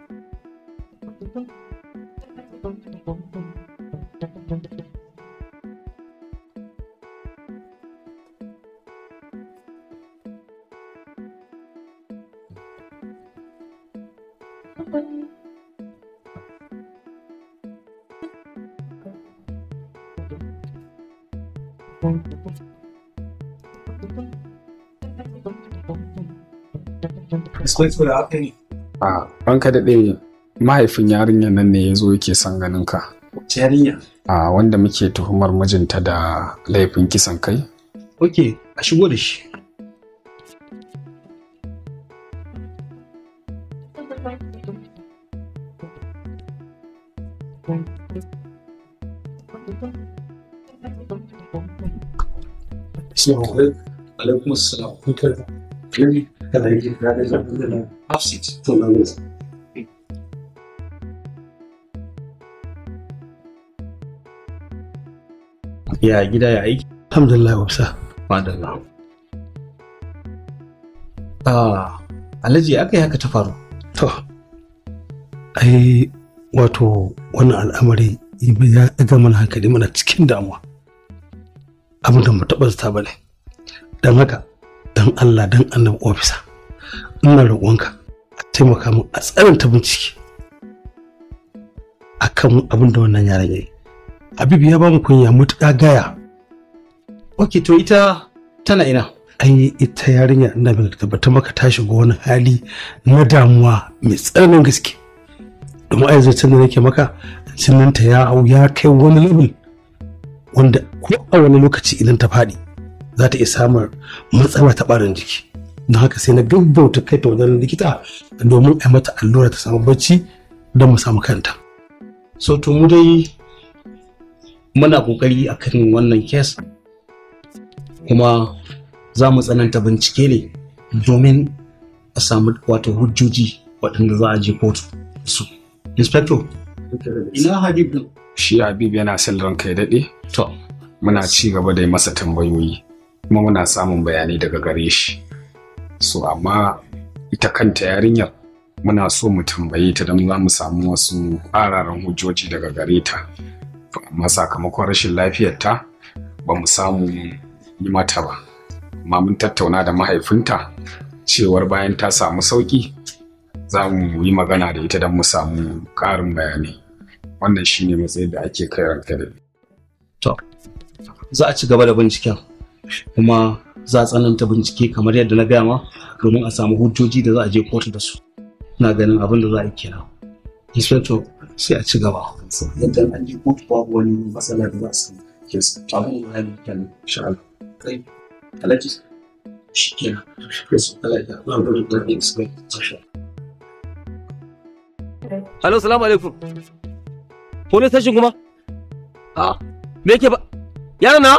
This without any. Ah, ranka da ɗaya. mahaifin yarinya nan ne ya zo yake son ganin ka yarinya a wanda muke tuhumar mijinta da laifin kisan kai ok a shigo da shi alaikum assalam. ya gida ya aiki alhamdulillah wabsa madalla ah alhaji aka yi haka ta faru to ai wato wannan al'amari ya ɗaga mana hankali mana cikin damuwa abin da mu taɓa zata ba ne don haka don allah don annabi ofisa ina roƙonka a taimaka min a tsananta bincike akan abin da wannan yaran yayi Habibu ya bamu kunya mutuƙa gaya. Ok, to ita tana ina. Ai, ita yarinya ina mai tabbata maka ta shiga wani hali na damuwa mai tsananin gaske. Domin a yanzu da nake maka, sinanta ya hau ya kai wani level wanda ko a wani lokaci idan ta faɗi za ta iya samun matsala ta ɓarin jiki. Don haka sai na gaggauta kai ta wajen likita domin a mata allura ta samu bacci don mu samu kanta. So to mu dai muna kokari a kan wannan kes kuma za mu tsananta bincike ne domin a samu wato hujjoji waɗanda za a je kotu su inspector ina habib shi habib yana son ranka ya daɗe to muna ci gaba da masa tambayoyi kuma muna samun bayanai daga gare shi so amma ita kanta yarinyar muna so mu tambaye ta don za mu samu wasu ƙararan hujjoji daga gare ta amma sakamakon rashin lafiyar ta ba mu samu yi mata ba amma mun tattauna da mahaifinta cewar bayan ta samu sauki za mu yi magana da ita don mu samu ƙarin bayanai wannan shine matsayin da ake kai ranka da to za a ci gaba da binciken kuma za a tsananta bincike kamar yadda na gaya ma domin a samu hujjoji da za a je kotu da su ina ganin abin da za a yi kenan inspector sai a ci gaba yadda an ji ko babu wani matsala da za su ke su abin da hali kenan insha Allah kai alaji shi ke su alaji ba mu da ɗan su bai tasha Alo, salamu alaikum. Police station kuma? A, ah. me yake ba? Yana na?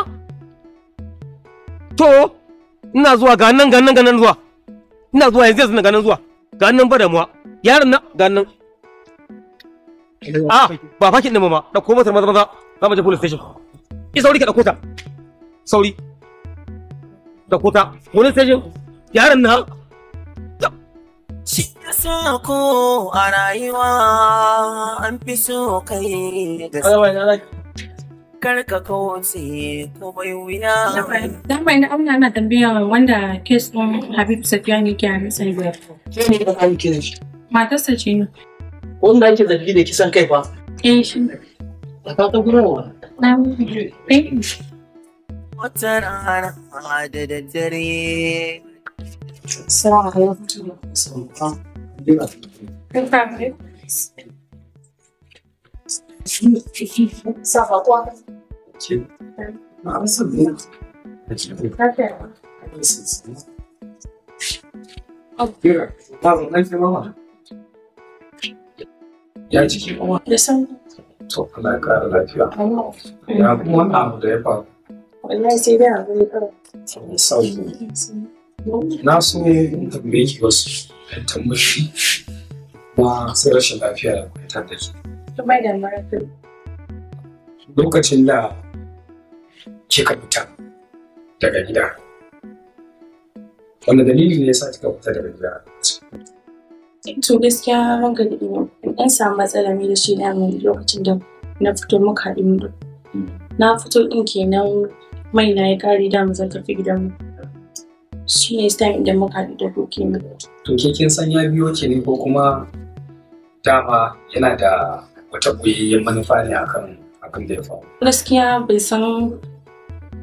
To, ina zuwa ga nan ga nan ga nan zuwa. Ina zuwa yanzu yanzu ga nan zuwa. Ga nan ba damuwa. Yaron na ga nan. a ah, ba fakin ɗin ma ɗauko matar maza maza za mu je police station ki sauri ka ɗauko ta sauri ɗauko ta police station yaron na Shi sa ko a rayuwa an fi so kai da karka kawace ko bai wuya. Dama ina auna na tambaya wanda kes ɗin Habib Safiya ne ke a matsayin. Ke ne da kawai kiran shi? Matarsa ce ne. wanda ake zargi da kisan kai fa eh shi da ka ta gurwa na wata rana da daddare Assalamu alaikum. Assalamu alaikum. Ça va quoi ça bien. Pardon, laissez-moi. ya ciki kuma to ya kara lafiya ya kuma wani abu da ya faru wallahi sai dai abu ne kawai sauki na so in tambaye ki wasu tambashi sai rashin lafiya da kuma ta da da lokacin da kika fita daga gida wanda dalili ne yasa kika fita daga gida To gaskiya hankali ne ɗan samu matsala ne da shi damin lokacin da na fito muka haɗu mu, Na fito ɗin kenan mai na ya ƙare damu zan tafi gidanmu. Shi ne time da muka haɗu da dokin. To ke kin san ya biyo ke ne ko kuma dama yana da wata ɓoyayyen manufa ne akan akan da ya faru. Gaskiya bai san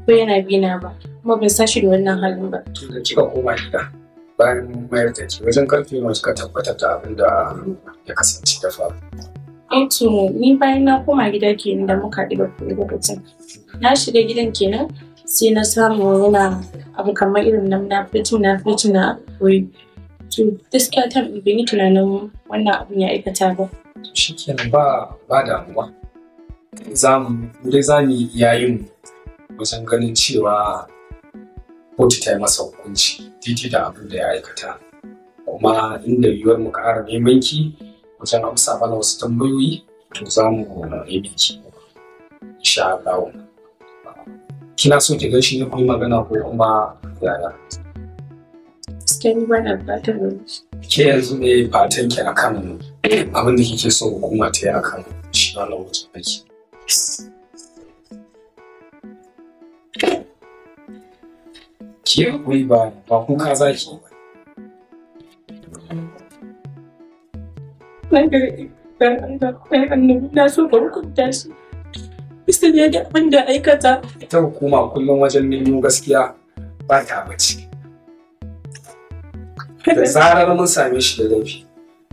ko yana na ba kuma bai san shi da wannan halin ba. to da kika koma gida. bayan mayar da ki wajen karfe mai suka tabbatar da abin da ya kasance da faru eh to ni bayan na koma gida kenan da muka ɗiba kuɗi lokacin na shiga gidan kenan sai na samu yana abu kamar irin nan na fito na fito na wuri to gaskiya ta bai tunanin wannan abin ya aikata ba shi kenan ba ba damuwa za dai za yayin wajen ganin cewa kotu ta yi masa hukunci titi da abin da ya aikata kuma inda yiwuwar mu ƙara neman ki wajen amsa mana wasu tambayoyi to za mu nemi ki insha Allah kina so ki gaishe ne kuma magana ko kuma yaya ke yanzu ne fatan ki akan abin da kike so hukuma ta yi akan shi wannan wajen aiki ki haƙuri ba ba kuka za yi ba. Na so shi. aikata. Ita hukuma kullum wajen nemo gaskiya ba ta bace. Da zarar mun same shi da laifi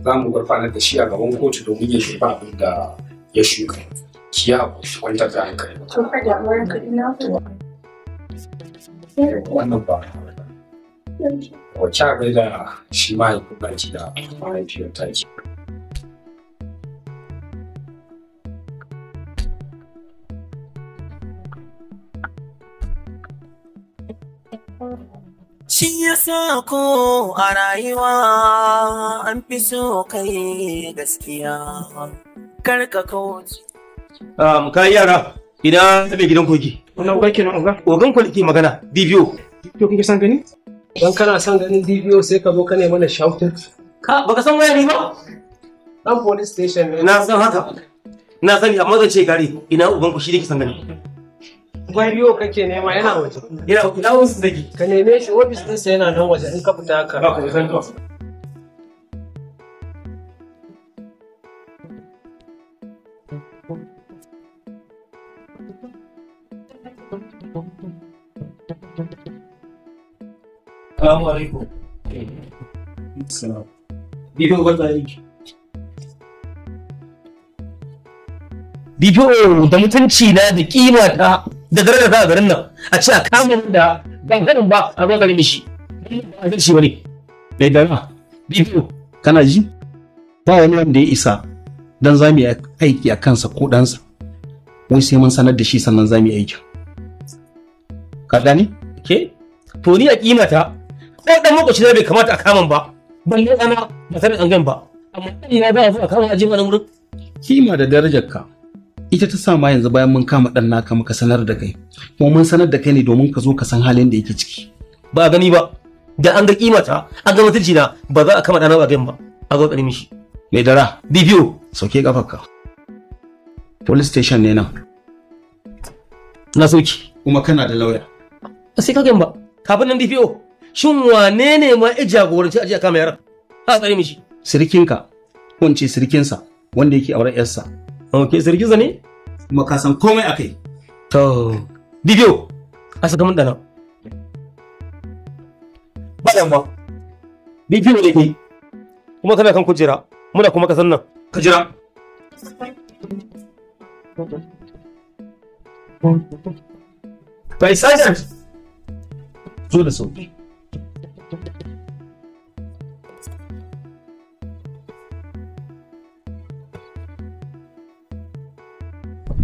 za mu gurfanar da shi a gaban kotu domin ya shuka abin da ya shuka. Ki ya kwantar da hankali. ka irin wannan ba wacce shi da Shi ya sa ko a rayuwa an fi so kai gaskiya karka kawo. Um, ka yara. Ina mai gidan koki. Wannan uga kenan uga. Ogan ko ke magana DBO. DBO kuke san gani? Dan kana san ganin DBO sai ka zo ka nemi na shouting. Ka baka san waya ne ba? Dan police station ne. Na san haka. Na sani amma zan ce gari ina uban ku shi ne ke san gani. Gwariyo kake nema yana waje. Ina dawo su dake. Ka neme shi office sai yana nan waje in ka fita ka. Ba ku san Assalamu alaikum. Salam. Bibo da mutunci na da kima ta da daraja ta a garin nan a ce a kama da ban ganin ba a ruwa garin shi. Ba zan shi bane. Dai dara. Bibo kana ji? Ba wani wanda ya isa dan za mu yi aiki a kansa ko ɗansa. Wai sai mun sanar da shi sannan za mu yi aikin. Ka gane? Ke? To ni a kima ta ɗan ɗan lokaci na bai kamata a kaman ba balle ɗana ba ta an gan ba amma ɗan na baya a kama a jima na wurin. kima da darajar ka ita ta sama yanzu bayan mun kama ɗan naka muka sanar da kai kuma mun sanar da kai ne domin ka zo ka san halin da yake ciki. ba a gani ba da an ga kima ta an ga mutunci na ba za a kama ɗana ba gan ba a zo tsari mishi. mai dara bibiyo sauke kafarka police station ne nan na soki kuma kana da lauya ba sai ka gan ba kafin nan DPO shin wane ne ma ya jagoranci ajiya kama yaran a tsare mishi sirikinka ko ce sirikinsa wanda yake auren yarsa ok sirikinsa ne kuma ka san komai akai to dibiyo a saka mun dana ba dan ba dibiyo ne ke kuma kana kan kujera muna kuma san nan ka jira Paisajes. sajar zo da sauki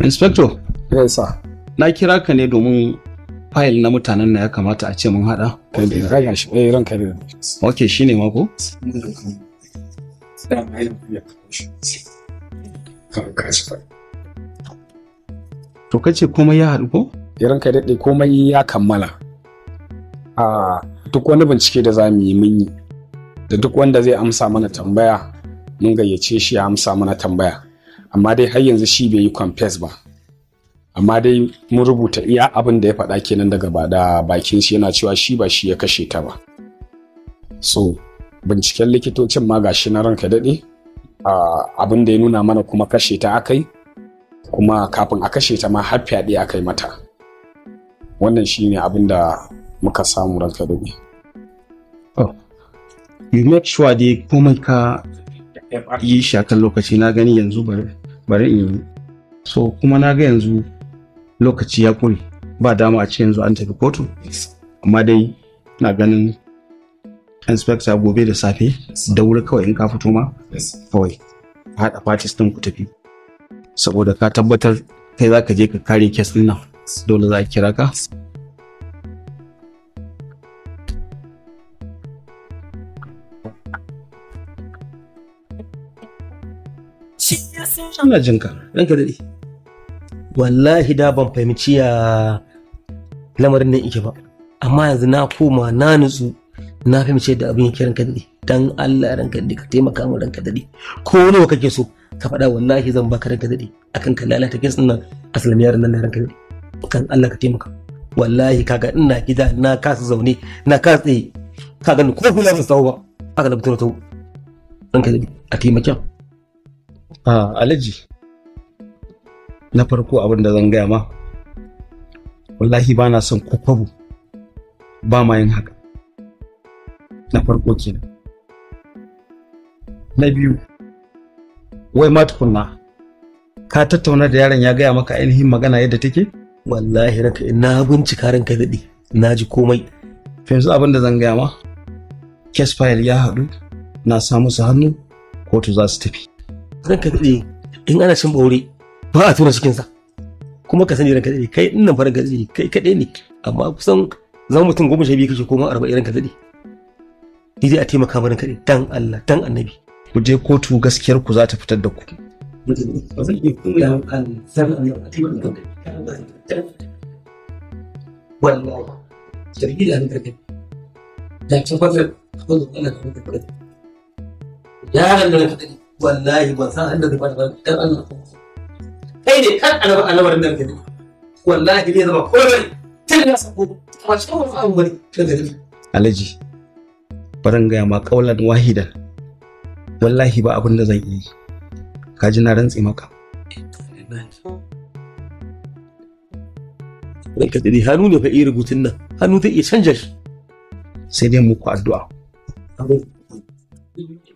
inspector yes sir na kira ka ne domin fayil na mutanen na ya kamata a ce mun hada eh, ok shi ne mako to kace komai ya haɗu ko eh, ranka daɗe komai ya kammala a ah, duk wani bincike da za mu yi mun yi da duk wanda zai amsa mana tambaya mun gayyace shi ya amsa mana tambaya amma dai har yanzu shi bai yi confess ba amma dai mun rubuta iya abin da ya faɗa kenan daga bada, bakin shi yana cewa shi ba shi ya kashe ta ba so binciken likitocin ma gashi na ranka daɗe abin da ya nuna mana kuma kashe ta akai kuma kafin a kashe ta ma har fyaɗe akai mata wannan shi ne abin da muka samu ranka daɗe oh, you make sure dai komai ka yi shi lokaci na gani yanzu bari bari in yi so kuma na ga yanzu lokaci ya kure ba dama a ce yanzu an tafi kotu amma dai na ganin inspector gobe da safe da wuri kawai in ka fito ma kawai haɗa parties ɗin ku tafi saboda ka tabbatar kai za ka je ka kare kes ɗin nan dole za a kira ka Ana jin ka. Ranka daɗi. Wallahi da ban fahimci ya lamarin nan yake ba. Amma yanzu na koma na nutsu na fahimci yadda abin yake ranka daɗi. Dan Allah ranka daɗi ka taimaka mu ranka daɗi. Ko nawa kake so ka faɗa wallahi zan baka ranka daɗi akan ka lalata kes ɗin nan asalin yaran nan ranka daɗi. Kan Allah ka taimaka. Wallahi kaga ina gida na kasa zaune na kasa tsaye. Kaga ni ko kula ban tsawo ba. Haka da fito na Ranka daɗi a taimakon. a alaji na farko abin da zan gaya ma wallahi ba na son kwakwabo ba ma yin haka na farko kenan na biyu wai ma tukunna ka tattauna da yaron ya gaya maka ainihin magana yadda take wallahi raka na bincika ranka daɗi na ji komai yanzu abin da zan gaya ma kes file ya haɗu na samu su hannu kotu za su tafi ranka daɗe in ana cin ɓaure ba a tura cikinsa kuma ka sani ranka daɗe kai in nan faranka daɗe kai kaɗai ne amma kusan zama mutum goma sha biyu kake koma arba'in ranka daɗe ni dai a taimaka a ranka daɗe dan Allah dan annabi ku je kotu gaskiyar ku za ta fitar da ku wallahi jirgi da ranka wallahi ban san hannun da ba da kan Allah kai ne kan alawarin alabar nan gani wallahi ne zama komai tun ya sako ba shi kawai fa'an bari kan gani alaji baran gaya ma kaulan wahidan wallahi ba abin da zan yi ka ji na rantsi maka ranka dade hannu ne fa iya rubutun nan hannu zai iya canja shi sai dai muku addu'a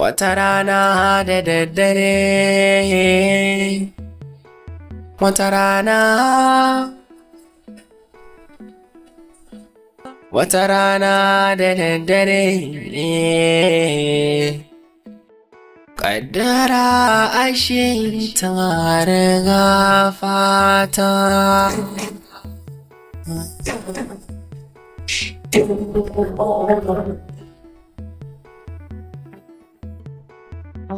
wata rana da daddare wata rana wata rana da daddare Kaddara ashe ta riga fata. Thank you. は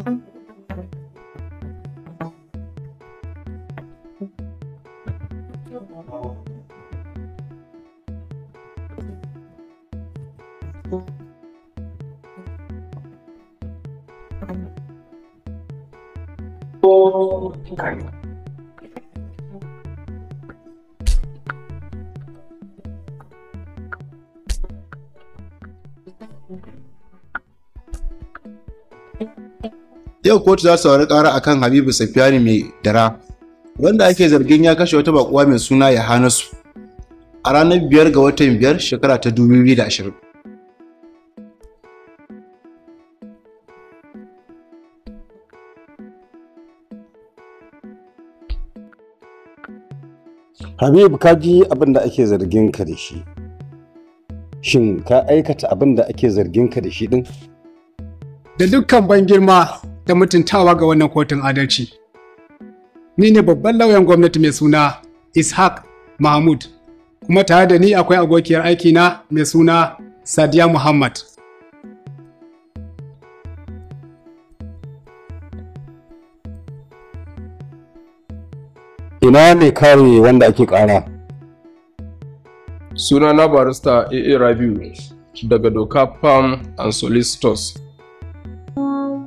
い。yau kotu za su kara ƙara akan habibu safiyani mai dara wanda ake zargin ya kashe wata bakuwa mai suna yahanasu a ranar biyar ga watan biyar shekara ta 2020 habib ka ji abin da ake zargin ka da shi shin ka aikata abin da ake zargin ka da shi din da dukkan ban girma ta mutuntawa ga wannan kotun adalci. Ni ne babban lauyan gwamnati mai suna Ishaq Mahmud, kuma tare da ni akwai abokiyar aikina mai suna Sadiya Muhammad. Ina mai kare wanda ake kara Suna na barista A.A. Rabiu daga Doka Palm and Solicitors.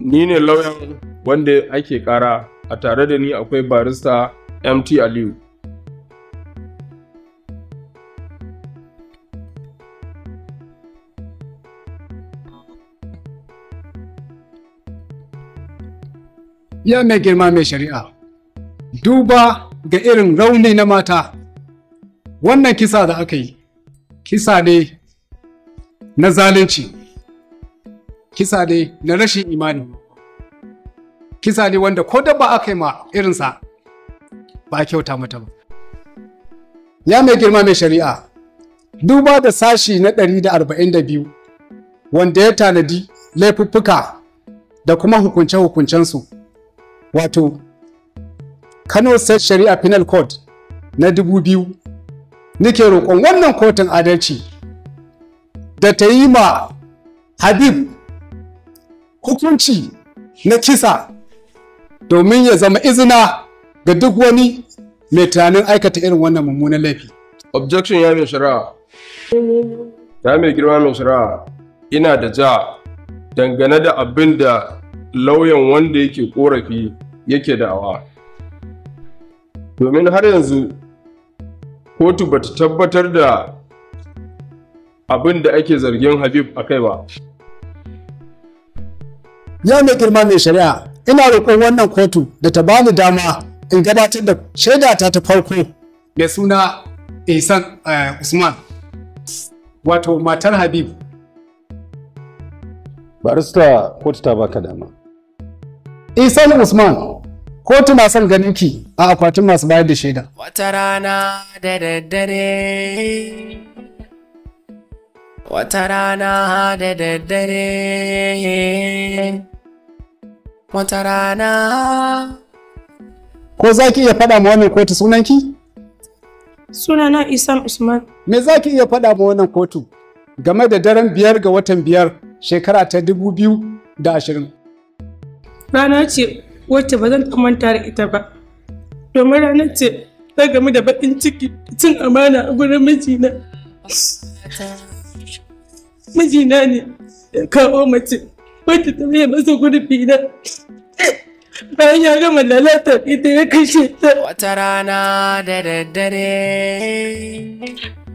Ni ne lauyan wanda ake kara a tare da ni akwai barista MT Aliyu. Ya mai girma mai shari'a, duba ga irin rauni na mata, wannan kisa da aka yi, kisa ne na zalunci. kisa ne na rashin imani kisa ne wanda ko da ba aka yi ma irinsa ba a kyauta mata ba ya mai girma mai shari'a duba da sashi na 142 wanda ya tanadi laifuffuka da kuma hukunce-hukuncensu wato kano state shari'a penal code na 2000 nike roƙon wannan kotun adalci da ta yi ma habib hukunci na kisa domin ya zama izina ga duk wani mai tunanin aikata irin wannan mummunan laifi. Objection ya mai shari'a. Ya mai girma mai shari'a ina da ja dangane da abin da lauyan wanda yake korafi yake da'awa. Domin har yanzu kotu bata tabbatar da abin da ake zargin Habib a kai ba. ya mai girma mai shari'a ina roƙon wannan kotu da ta bani dama in gabatar da shaidata ta farko Mai suna isan eh, usman wato matar habib barista kotu ta baka dama Isan usman kotu na son ganin ki a akwatin masu bayar da shaida wata rana da daddare wata rana da daddare wata rana ko za ki iya faɗa ma wannan kotu sunanki? sunana isam usman me za ki iya faɗa ma wannan kotu game da daren biyar ga watan biyar shekara ta dubu biyu da ashirin rana ce wacce ba zan manta da ita ba domin rana ce ta game da baƙin ciki cin amana a gurin mijina mijina ne kawo mace وانت تبي مسوكني فينا ما هي حاجة من لا تبيت يا كشيتا وترانا دردري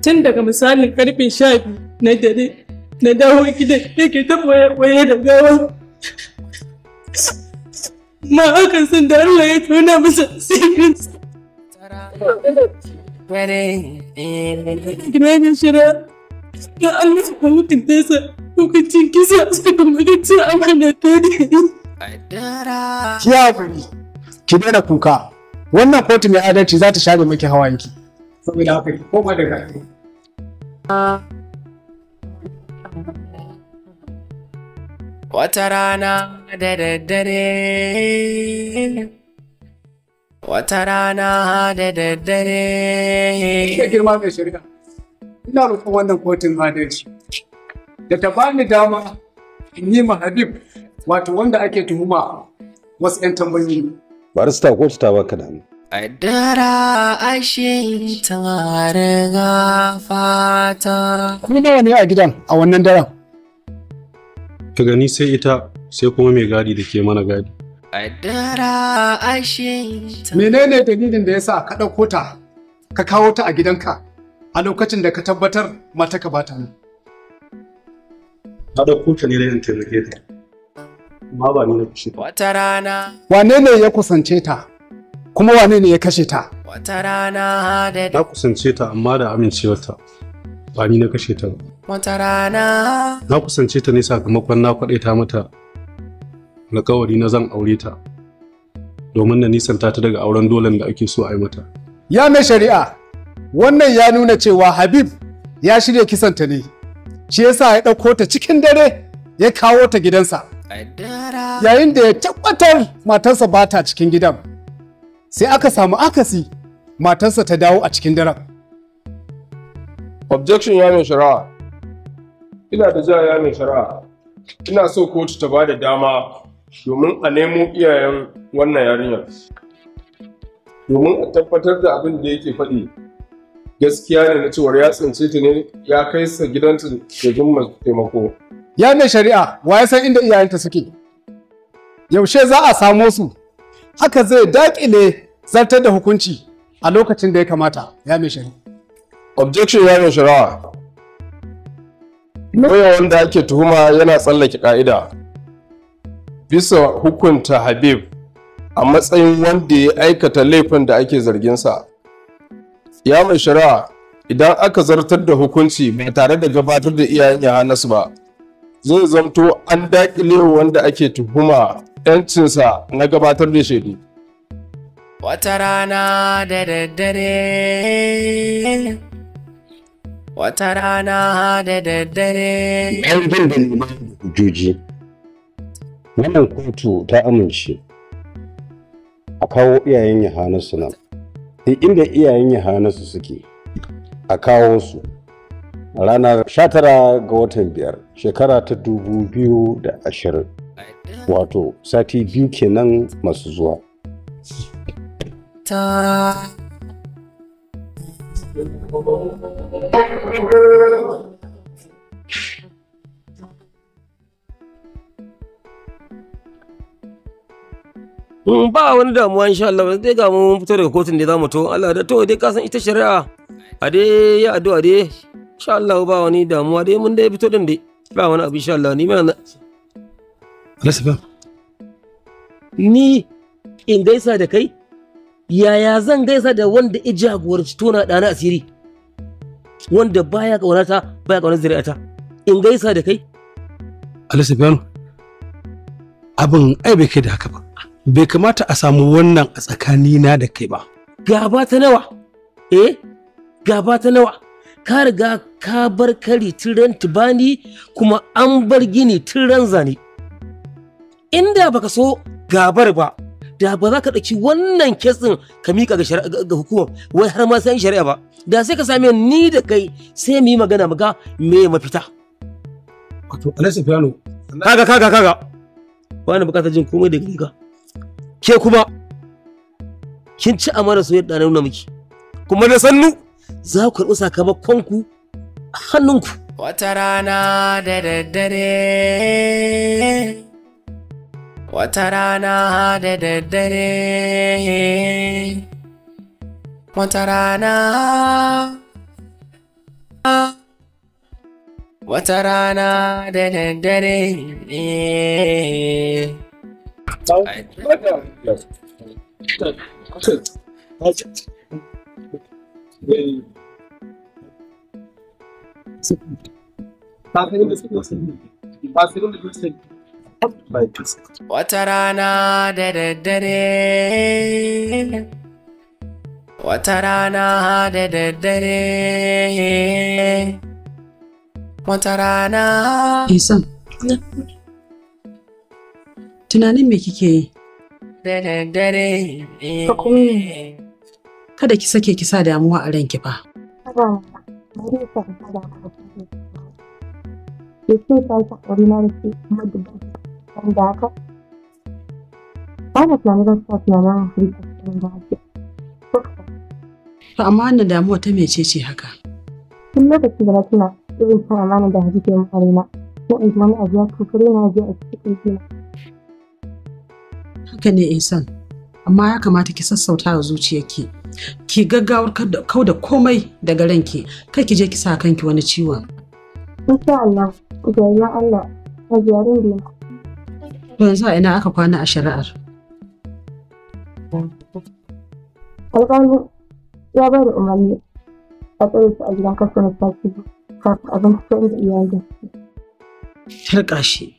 تندق مسال الكريبي شايب ندري ندا هو كده كده بويا بويا دقاوة ما أكن سندار لقيت هنا بس سيكنس كمان يا شراء يا الله ممكن تسأل lokacin kisa suka magance amana ta da Ki haƙuri, ki daina kuka. Wannan kotu mai adalci za ta share miki hawanki. Saboda haka ki koma gari. Wata rana da daddare Wata rana da daddare Ina girma mai shirya. Ina roƙon wannan kotun adalci. da ta bani dama in yi ma Habib wato wanda ake tuhuma wasu 'yan tambayoyi. Barista ko ta baka A Adara ashe tare ga fata. Ku nawa ne a gidan a wannan daren? Ka gani sai ita sai kuma mai gadi da ke mana gadi. A dara ashe shi. Menene dalilin da ya sa ka ɗauko ta ka kawo ta a gidanka a lokacin da ka tabbatar mata ka bata nan? na ɗauko ne da taimake ta amma ba ni na kashe ta wata rana wane ne ya kusance ta kuma wane ne ya kashe ta wata rana da na kusance ta amma da amincewarta ba ni na kashe ta wata rana na kusance ta ne sakamakon na ta mata kawari na zan aure ta domin na nisan ta daga auren dolen da ake so a yi mata ya mai shari'a wannan ya nuna cewa habib ya shirya kisanta ne shi yasa ya ɗauko ta cikin dare ya kawo ta gidansa yayin da ya tabbatar matarsa ba ta cikin gidan sai aka samu akasi matarsa ta dawo a cikin daren objection ya mai shari'a ina da ja ya mai shari'a ina so kotu ta ba da dama domin a nemo iyayen wannan yarinyar domin a tabbatar da abin da yake faɗi gaskiya ne na cewar ya tsince ta ne ya kai sa gidanta da zumma taimako. Ya mai shari'a wa ya san inda iyayenta suke. Yaushe za a samo su haka zai daƙile zartar da hukunci a lokacin da ya kamata ya mai shari'a. Objection ya mai shari'a. Lauya wanda ake tuhuma yana tsallake ƙa'ida. Bisa hukunta Habib a matsayin wanda ya aikata laifin da ake zarginsa. ya mai shari'a idan aka zartar da hukunci ba tare da gabatar da iyayen yohannes ba zai zamto an dakile wanda ake tuhuma yancinsa na gabatar da shaidu wata rana da daddare wata rana da daddare ɗan bin da juji wannan kotu ta amince a kawo iyayen yohannes nan duk inda iyayen yahanansu suke a kawo su ranar shatara ga watan biyar shekara ta dubu biyu da ashirin, wato sati biyu kenan masu zuwa Mm, ba wani damuwa insha Allah dai ga mun fito daga kotun da zamu to Allah da to dai ka san ita shari'a a dai ya addu'a dai insha Allah ba wani damuwa dai mun dai fito din dai ba wani abu insha Allah ni ma Alasa ni in gaisa da kai yaya zan gaisa da wanda ya jagoranci tona dana asiri wanda baya ƙaunata baya ƙaunar zuri'ata in gaisa da kai Alisa abin ai bai kai da haka ba bai kamata a samu wannan a tsakanina da kai ba gaba ta nawa eh gaba ta nawa ka riga ka bar kari tiran tubani kuma an bar gini tiran zane inda baka so gabar ba da ba za ka ɗauki wannan kesin ka miƙa ga hukumar wai har ma sai shari'a ba da sai ka same ni da kai sai mu yi magana muga me mafita wato alai safiyano kaga kaga kaga ba na bukatar jin komai daga gari ke kuma kin ci amana soyayya da nuna miki kuma da sannu za ku karɓi sakamakon ku a hannunku wata rana da daddare wata rana da daddare wata rana wata rana da daddare Wata rana da daddare Wata rana da daddare Wata rana Isan Tunanin me kike yi? Dare dare eh, eh. Kada ki sake kisa damuwa a ranki fa. To amma wannan damuwa ta mece ce haka? Tun lokacin da na tuna irin ta amana da hajji ke mu a rena, ko in ji wani abu ya rena ya je a cikin ɗina. ka ne ihsan amma ya kamata ki sassauta wa zuciyarki ki gaggawar kau da komai daga ranki kai ki je ki sa kanki wani ciwon insha Allah da ya Allah a ziyarin da to yanzu a ina aka kwana a shari'ar alƙali ya ba da umarni a tsare su a gidan kasuwar sati kafin abinci sai da iyalin tarƙa shi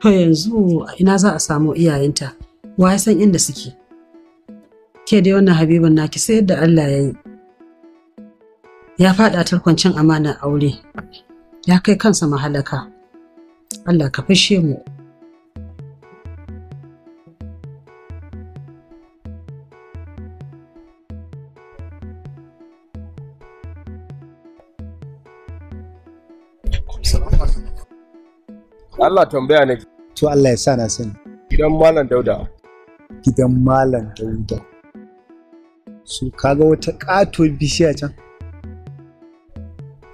To yanzu ina za a samu iyayenta, wa ya san inda suke. Ke da wannan habibin naki sai yadda Allah ya yi. Ya faɗa tarkoncin amanar aure, ya kai kansa mahalaka. Allah ka fashe mu. Allah tambaya ne. To Allah ya sa na sani. Gidan Malam Dauda. Gidan Malam Dauda. So kaga wata ƙato bishiya can.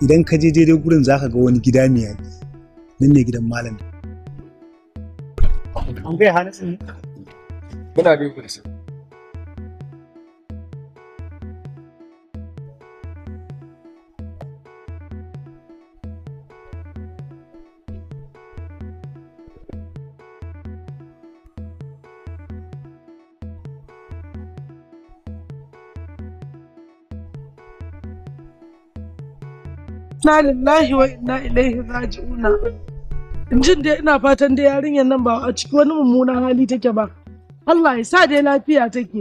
Idan ka je daidai gurin za ka ga wani gida mai yaƙi. Nan ne gidan Malam Dauda. An gaya hana Muna dai gurin inna lillahi wa inna ilaihi raji'una jin dai ina fatan dai yarinyar nan ba a cikin wani mummunan hali take ba Allah ya sa dai lafiya take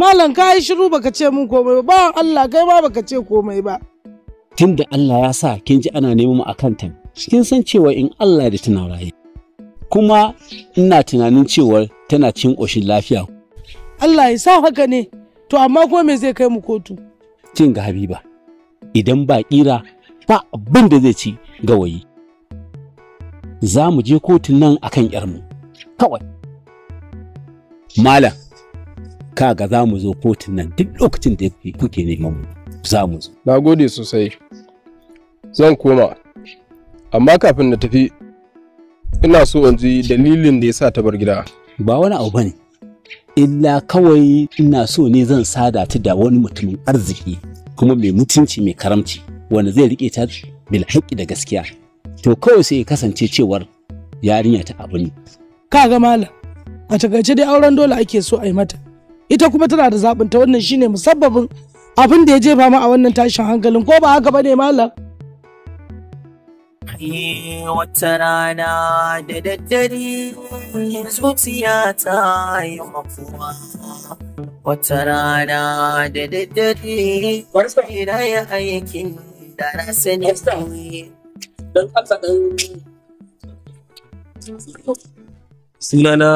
malam ka yi shiru baka ce min komai ba bawan Allah kai ma baka ce komai ba tunda Allah ya sa kin ji ana neman mu akan ta kin san cewa in Allah da tana raye kuma ina tunanin cewa tana cin ƙoshin lafiya Allah ya sa haka ne to amma kuma me zai kai mu kotu kin ga Habiba idan ba kira ba abin da zai ci gawayi za mu je kotun nan akan yarmu kawai malam kaga za mu zo kotun nan duk lokacin da kuke neman mu za mu zo na gode sosai zan koma amma kafin na tafi ina so in ji dalilin da ya sa ta bar gida ba wani abu bane illa kawai ina so ne zan sada ta da wani mutumin arziki kuma mai mutunci mai karamci wanda zai rike ta bil haƙƙi da gaskiya to kawai sai ya kasance cewar yarinya ta abu ne ka ga malam a takaice dai auren dole ake so a yi mata ita kuma tana da zaɓin ta wannan shine musabbabin abin da ya jefa mu a wannan tashin hankalin ko ba haka bane malam wata rana da daddare zuciya ta yi mafuwa wata rana da daddare ina ya aikin da na sani kawai sunana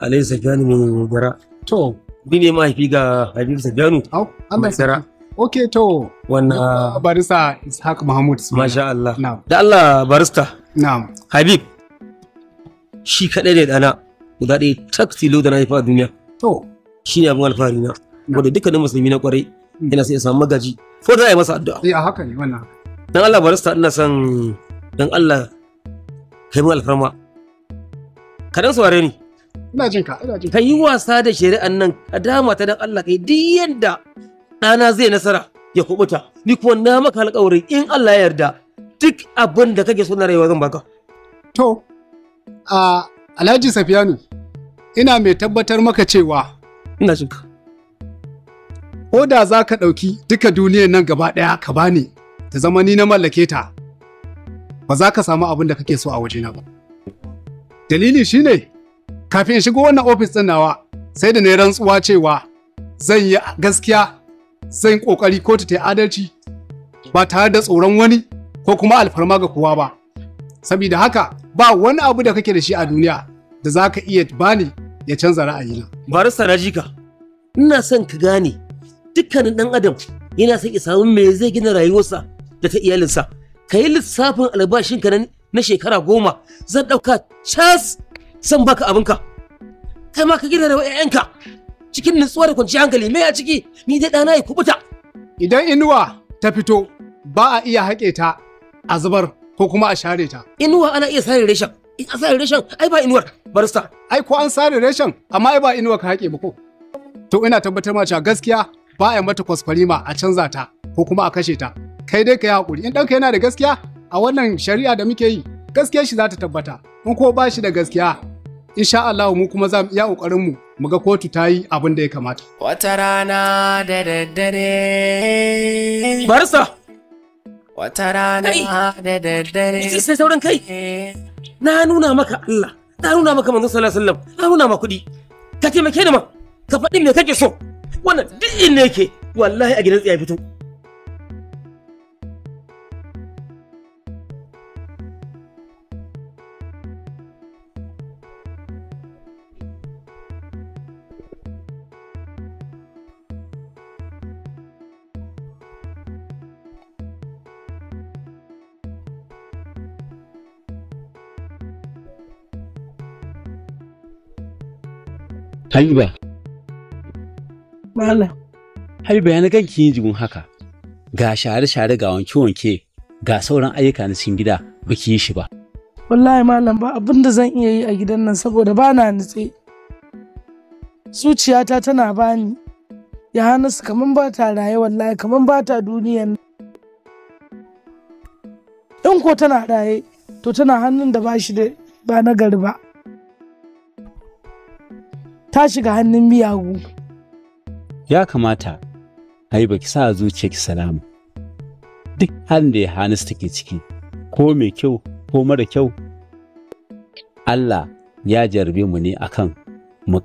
Alayhi Safiyanu mai gara. To. Ni ne mahaifi ga Habibu Safiyanu. Au, Allah ya Ok to. Wannan. Barista Ishaq Mahmud. Masha Allah. Da Allah barista. Na'am. Habib. Shi kaɗai ne ɗana. Guda ɗaya tak tilo da na haifa a duniya. To. Shi ne abin alfahari na. Wanda dukkanin musulmi na ƙwarai ina sai ya samu magaji ko da ya masa addu'a eh haka ne wannan dan Allah barista ina son dan Allah kai mu alfarma ka dan saurare ni ina jin ka ina jin ka yi wasa da shari'an nan a dama ta dan Allah kai duk yanda ɗana zai nasara ya kubuta ni kuma na maka alƙawari in Allah ya yarda duk abin da kake so na rayuwa zan baka to a Alhaji Safiyanu ina mai tabbatar maka cewa ina jin ka ko da za ka ɗauki duka duniyar nan gaba ɗaya ka bani ta zama ni na mallake ta ba za ka samu abin da kake so a wajena ba dalili shine kafin in shigo wannan ofis ɗin nawa sai da na yi rantsuwa cewa zan yi gaskiya zan ƙoƙari ko ta adalci ba tare da tsoron wani ko kuma alfarma ga kowa ba saboda haka ba wani abu da kake da shi a duniya da za ka iya bani ya canza ra'ayina barista na jika ina son ka gane dukkanin ɗan adam yana son ya samu me zai gina rayuwarsa da ta iyalinsa ka yi lissafin albashinka na shekara goma zan ɗauka cas zan baka abinka kai ma ka gina da ƴaƴanka cikin nutsuwa da kwanciyar hankali mai a ciki ni dai ɗana ya kubuta idan inuwa ta fito ba a iya haƙe ta a zubar ko kuma a share ta inuwa ana iya sare reshen in a sare reshen ai ba inuwar barista ai ko an sare reshen amma ai ba inuwa ka haƙe ba ko to ina tabbatar ma cewa gaskiya ba ya mata kwaskwarima a canza ta ko kuma a kashe ta kai dai ka yi haƙuri in ɗanka yana da gaskiya a wannan shari'a da muke yi gaskiya shi za ta tabbata in ko ba shi da gaskiya insha Allah mu kuma za mu iya kokarin mu mu ga kotu ta yi abin da ya kamata wata rana da daddare barsa wata rana da daddare sai sauran kai na nuna maka Allah na nuna maka manzon sallallahu alaihi wasallam na nuna maka kuɗi ka taimake ni ma ka faɗi me kake so wannan duk inda yake wallahi a gidan tsaye fito Tayyiba, Malam. Habi na kan ki yi jigun haka. Ga share-share ga wanke-wanke ga sauran ayyuka na cikin gida ba yi shi ba. Wallahi malam ba abin da zan iya yi a gidan nan saboda ba na nutse. Zuciyata tana bani. Ya hanasu kaman ba ta raye wallahi kaman ba ta duniyan. In ko tana raye to tana hannun da ba shi da ba na gari ba. Ta shiga hannun miyagu. ya kamata ai baki sa zuciyarki salama duk halin da ya take ciki ko mai kyau ko mara kyau Allah ya jarbe mu ne akan mu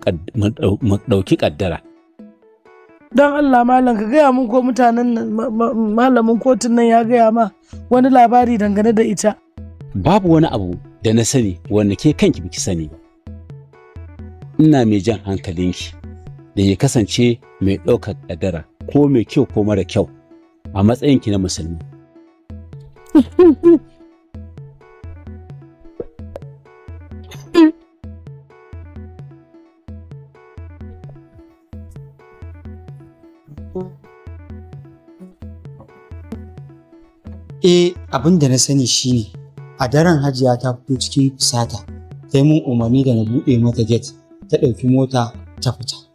ɗauki ƙaddara. Don Allah malam ka gaya mun ko mutanen malamin kotun nan ya gaya ma wani labari dangane da ita. Babu wani abu da na sani wanda ke kanki biki sani Ina mai jan hankalinki da ya kasance mai ɗaukar ƙadara ko mai kyau ko mara kyau a matsayinki na musulmi. E, abin da na sani shi ne, a daren hajiya ta fito cikin fusata sai mun umarni da na buɗe mata get ta ɗauki mota ta fita.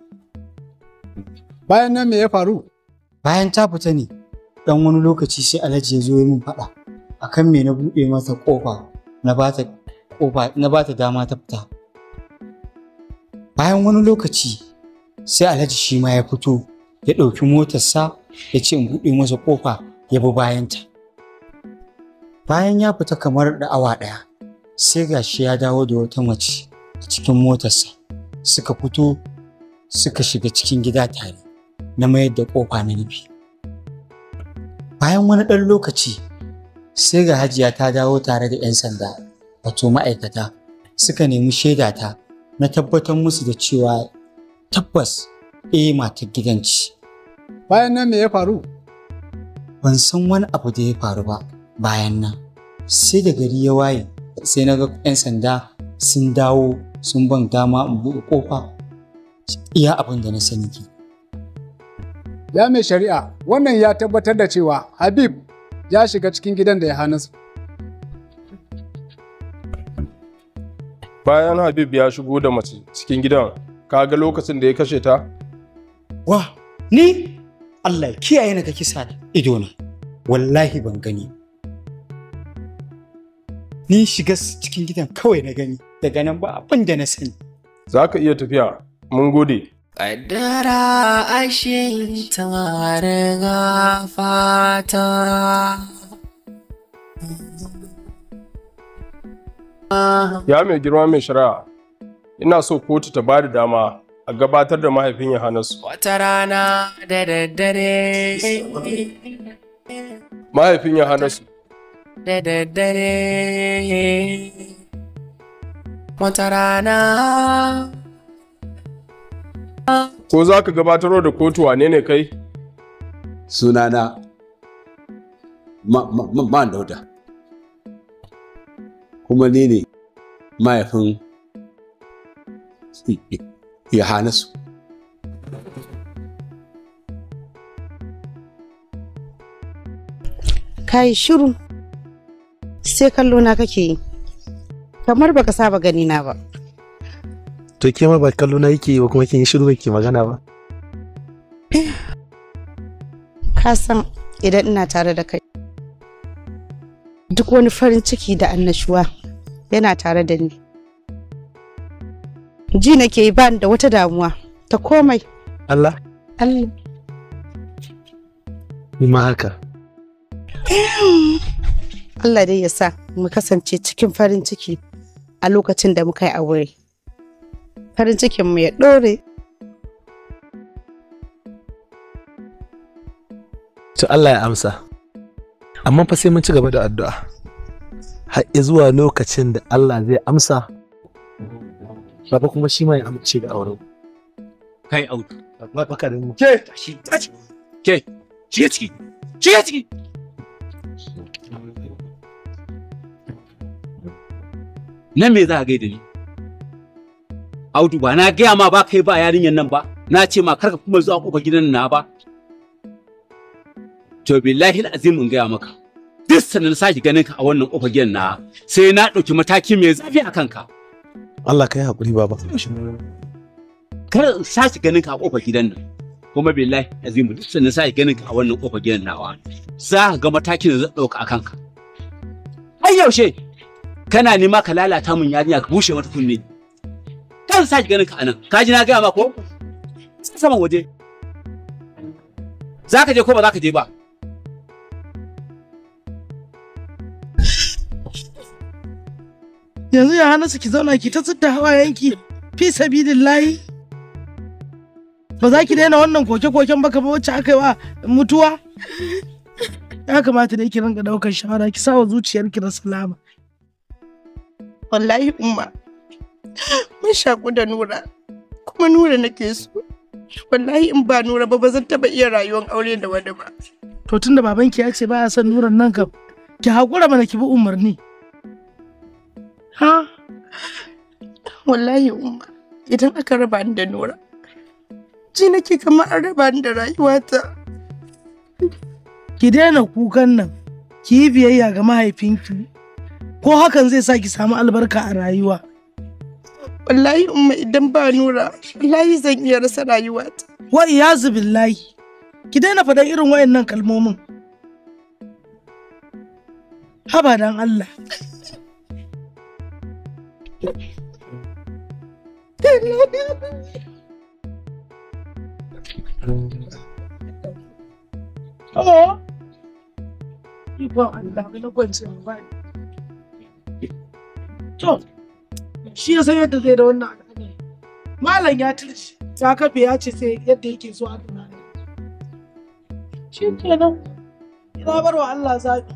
bayan nan me ya faru bayan ta fita ne dan wani lokaci sai alhaji ya zo ya min faɗa akan me na buɗe masa ƙofa na ta ƙofa na ta dama ta fita bayan wani lokaci sai alhaji shi ma ya fito ya ɗauki motarsa ya ce in buɗe masa ƙofa ya bi bayanta bayan ya fita kamar da awa ɗaya sai gashi ya dawo da wata mace cikin motarsa suka fito suka shiga cikin gida tare na mayar da ƙofa na nufi bayan wani ɗan lokaci sai ga hajiya ta dawo tare da 'yan sanda wato ma'aikata suka nemi shaida ta na tabbatar musu da cewa tabbas eh matar gidanci bayan nan me ya faru ban san wani abu da ya faru ba bayan nan sai da gari ya waye sai na ga 'yan sanda sun dawo sun ban dama in buɗe ƙofa iya abin da na sani ke Ya mai shari'a, wannan ya tabbatar da cewa Habib ya shiga cikin gidan da ya hana su. Bayan Habib ya shigo da mace cikin gidan, ka ga lokacin da ya kashe ta? Wa, ni? Allah kiyaye na ga kisa idona. Wallahi ban gani. Ni shiga cikin gidan kawai na gani, daga nan ba abin da na sani. Za ka iya tafiya, mun gode. Ƙaddara ashin riga fata. Ya mai girma mai shari'a, ina so kotu ta bada dama a gabatar da mahaifin Yohanasu. Wata rana da daddare. Mahaifin Yohanasu. Da daddare. Wata rana. Ko za ka gabatar da kotu wane ne kai? Sunana Ma'an Dauda. Kuma ni ne mahaifin Yohanasu. Ka yi shiru sai kallo na kake yi, kamar baka saba gani na ba. to ke ma ba kallo na yake ba kuma kin yi shiru ke magana ba ka san idan ina tare da kai duk wani farin ciki da annashuwa yana tare da ni ji nake ba bani da wata damuwa ta komai Allah Allah ni ma haka Allah dai ya sa mu kasance cikin farin ciki a lokacin da muka yi aure farin cikinmu ya ɗore. To Allah ya amsa, amma fa sai mun ci gaba da addu'a, har zuwa lokacin da Allah zai amsa, ba kuma shi ma ya amince da auren. Kai auto. Ba baka da mu. Ke, Ke, shiga ciki, shiga ciki. Nan me za a gaida ni? Audu ba na gaya ma ba kai ba yarinyan nan ba na ce ma karka kuma zuwa kofar gidan na ba to billahi azim in gaya maka duk sanin saki ganin ka a wannan kofar gidan na sai na ɗauki mataki mai zafi a kanka Allah kai hakuri baba kar saki ganin ka a kofar gidan nan kuma billahi azim duk sanin saki ganin ka a wannan kofar gidan nawa za ka ga matakin da zan ɗauka a kanka ai yaushe kana nema ka lalata mun yarinya ka bushe mata kunne zan sake ganin ka anan ka ji na gaya ma ko saman waje za ka je ko ba za ka je ba yanzu ya hana ki zauna ki ta tsidda hawayenki fi sabidillahi ba za ki daina wannan koke-koken ba kamar wacce aka yi wa mutuwa ya kamata da ki ringa daukar shawara ki sa wa zuciyarki da salama wallahi umma mun shaku da nura kuma nura nake so wallahi in ba nura ba ba zan taba iya rayuwar aure da wani ba to tunda babanki ya ce ba ya son nuran nan kam ki hakura mana ki bi umarni ha wallahi umma idan aka raba ni da nura ji nake kamar an raba ni da rayuwata ki daina kukan nan ki yi biyayya ga mahaifinki ko hakan zai sa ki samu albarka a rayuwa wallahi umma idan ba nura wallahi zan iya rasa rayuwata wa iya zubillahi ki daina faɗan irin wayannan kalmomin haba dan Allah Oh, you brought a lot of good to my shi ya san yadda zai da wannan al'amari malam ya turci ya kafe ya ce sai yadda yake so a nuna shi nan? ina bar wa Allah zaɓi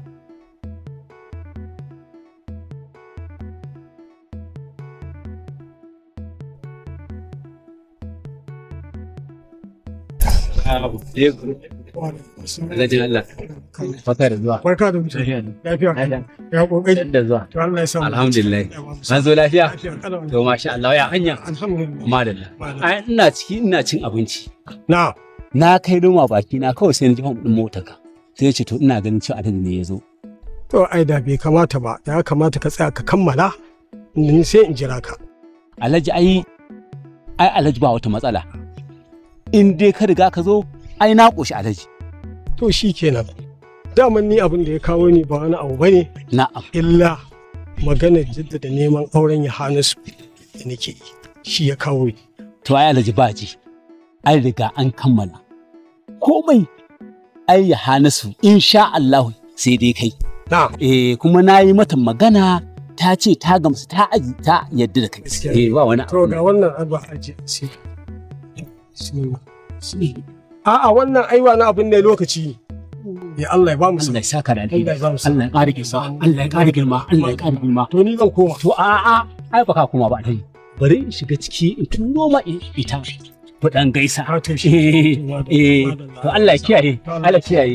Barka da ya ina cin abinci. Na. kai roma baki na kawai sai na ji fam din motarka. Sai ce to ina ganin cewa adadi ne ya zo. To ai da bai kamata ba. Ya kamata ka tsaya ka kammala. Ni sai in jira ka. Alhaji ai ai Alhaji ba wata matsala. In dai ka riga ka zo ai na ƙoshi alhaji to shi kenan daman ni abin da ya kawo ni ba wani abu bane na'am illa maganar jaddada neman auren Yohannes da nake shi ya kawo ni to ai alhaji ba ji Ai riga an kammala komai ai Yohannes insha Allah sai dai kai na'am eh kuma na yi mata magana ta ce ta gamsu ta aji ta yadda da kai eh ba wani to ga wannan abu Sai. sai A'a wannan aiwa na abin da lokaci. Ya Allah ya ba mu Allah ya saka da alheri. Allah ya ƙara girma. Allah ya ƙara girma. Allah ya ƙara girma. To ni zan koma. To a'a ai ba ka koma ba dai. Bari in shiga ciki in tun noma in fita. Ku dan gaisa. Eh eh. To Allah ya kiyaye. Allah ya kiyaye.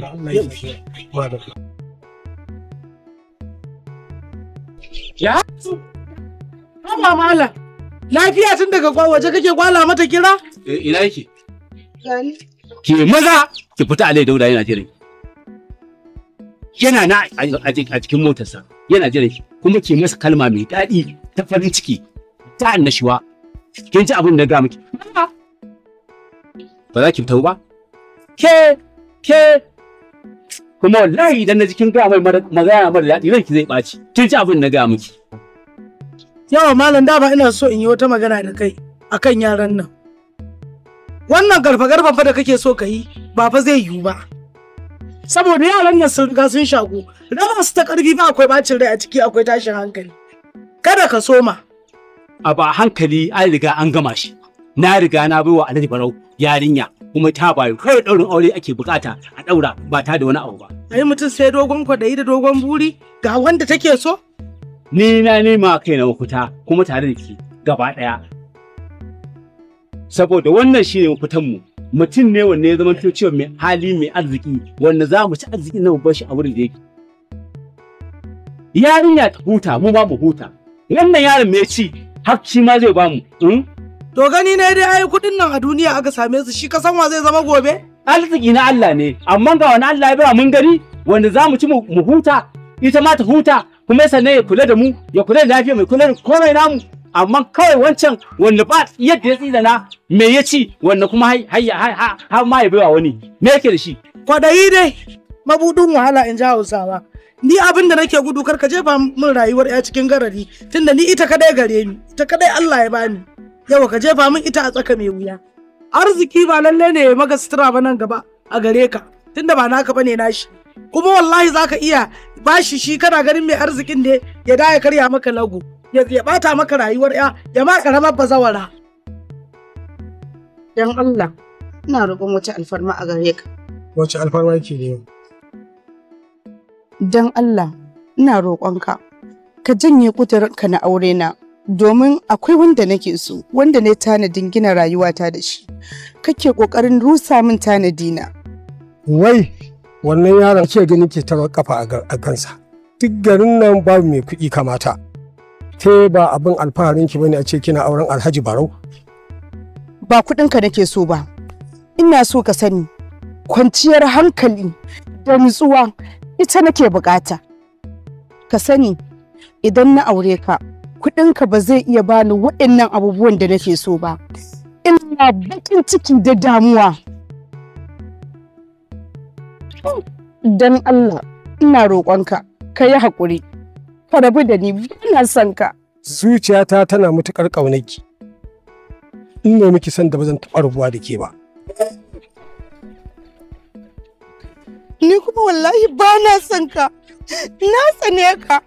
Ya? Haba mala. Lafiya tun daga waje kake kwala mata kira? Eh ina yake? Gani. ki maza ki fita alai dauda yana jiran yana na a cikin motarsa yana jiran ki kuma ki masa kalma mai daɗi ta farin ciki ta annashuwa kin ji abin da ga miki ba za ki fita ba ke ke kuma wallahi idan na kin ga mai magana mara daɗi ki zai ɓaci kin ji abin da ga miki yawa malam dama ina so in yi wata magana da kai akan yaran nan wannan garfa-garfa da kake so ka yi ba fa zai yiwu ba saboda yaran nan sun riga sun shaku raba su ta karfi ba akwai bacin rai a ciki akwai tashin hankali kada ka soma a ba hankali an riga an gama shi na riga na baiwa alhaji barau yarinya kuma ta bayu kawai daurin aure ake bukata a daura ba ta da wani abu ba ai mutum sai dogon kwaɗayi da dogon buri ga wanda take so ni na nema kaina mafuta kuma tare da ke gaba daya saboda wannan shi ne mafitanmu, mutum ne wanne ya zama cewa mai hali mai arziki wanda za mu ci arziki na mu shi a wurin da yake yarinya ta huta mu ba mu huta wannan yaron mai ci har shi ma zai ba mu hmm? to gani ne dai ai kudin nan a duniya aka same su shi kasan wa zai zama gobe arziki na Allah ne amma ga wani Allah ya bara mun gani wanda za mu ci mu huta ita ma ta huta kuma sannan ya kula da mu ya kula da lafiya mai kula da komai namu amma kawai wancan wanda ba yadda ya na me ya ci wanda kuma har ma ya baiwa wani me yake da shi kwadayi dai mabudin wahala in ji hausawa ni abin da nake gudu karka jefa min rayuwar ya cikin garari tunda ni ita kadai gare ni ita kadai Allah ya bani yawa ka jefa min ita a tsaka mai wuya arziki ba lalle ne ya maka sutura ba nan gaba a gare ka tunda ba naka bane nashi kuma wallahi zaka iya bashi shi kana ganin mai arzikin ne ya da ya karya maka lagu ya bata maka rayuwar ya ya ma karamar bazawara dan Allah ina roƙon wace alfarma a gare ka wace alfarma yake ne dan Allah ina roƙonka ka janye ka na aure na domin akwai wanda nake so wanda ne tanadin gina rayuwata da shi kake kokarin rusa min tanadina wai wannan yaron ke gani ke tarar kafa a kansa duk garin nan babu mai kuɗi kamata te ba abin alfaharin ki bane a ce kina auren Alhaji Barau ba kudin ka nake so ba ina so ka sani kwanciyar hankali da nutsuwa ita nake bukata ka sani idan na aure ka kudin ka ba zai iya bani waɗannan abubuwan da nake so ba ina bakin ciki da damuwa dan Allah ina roƙonka ka yi haƙuri ka rabu da ni bana son ka zuciyata tana mutukar ƙaunarki in ne miki son da ba zan taɓa rabuwa da ke ba ni kuma wallahi ba na son ka na tsane ka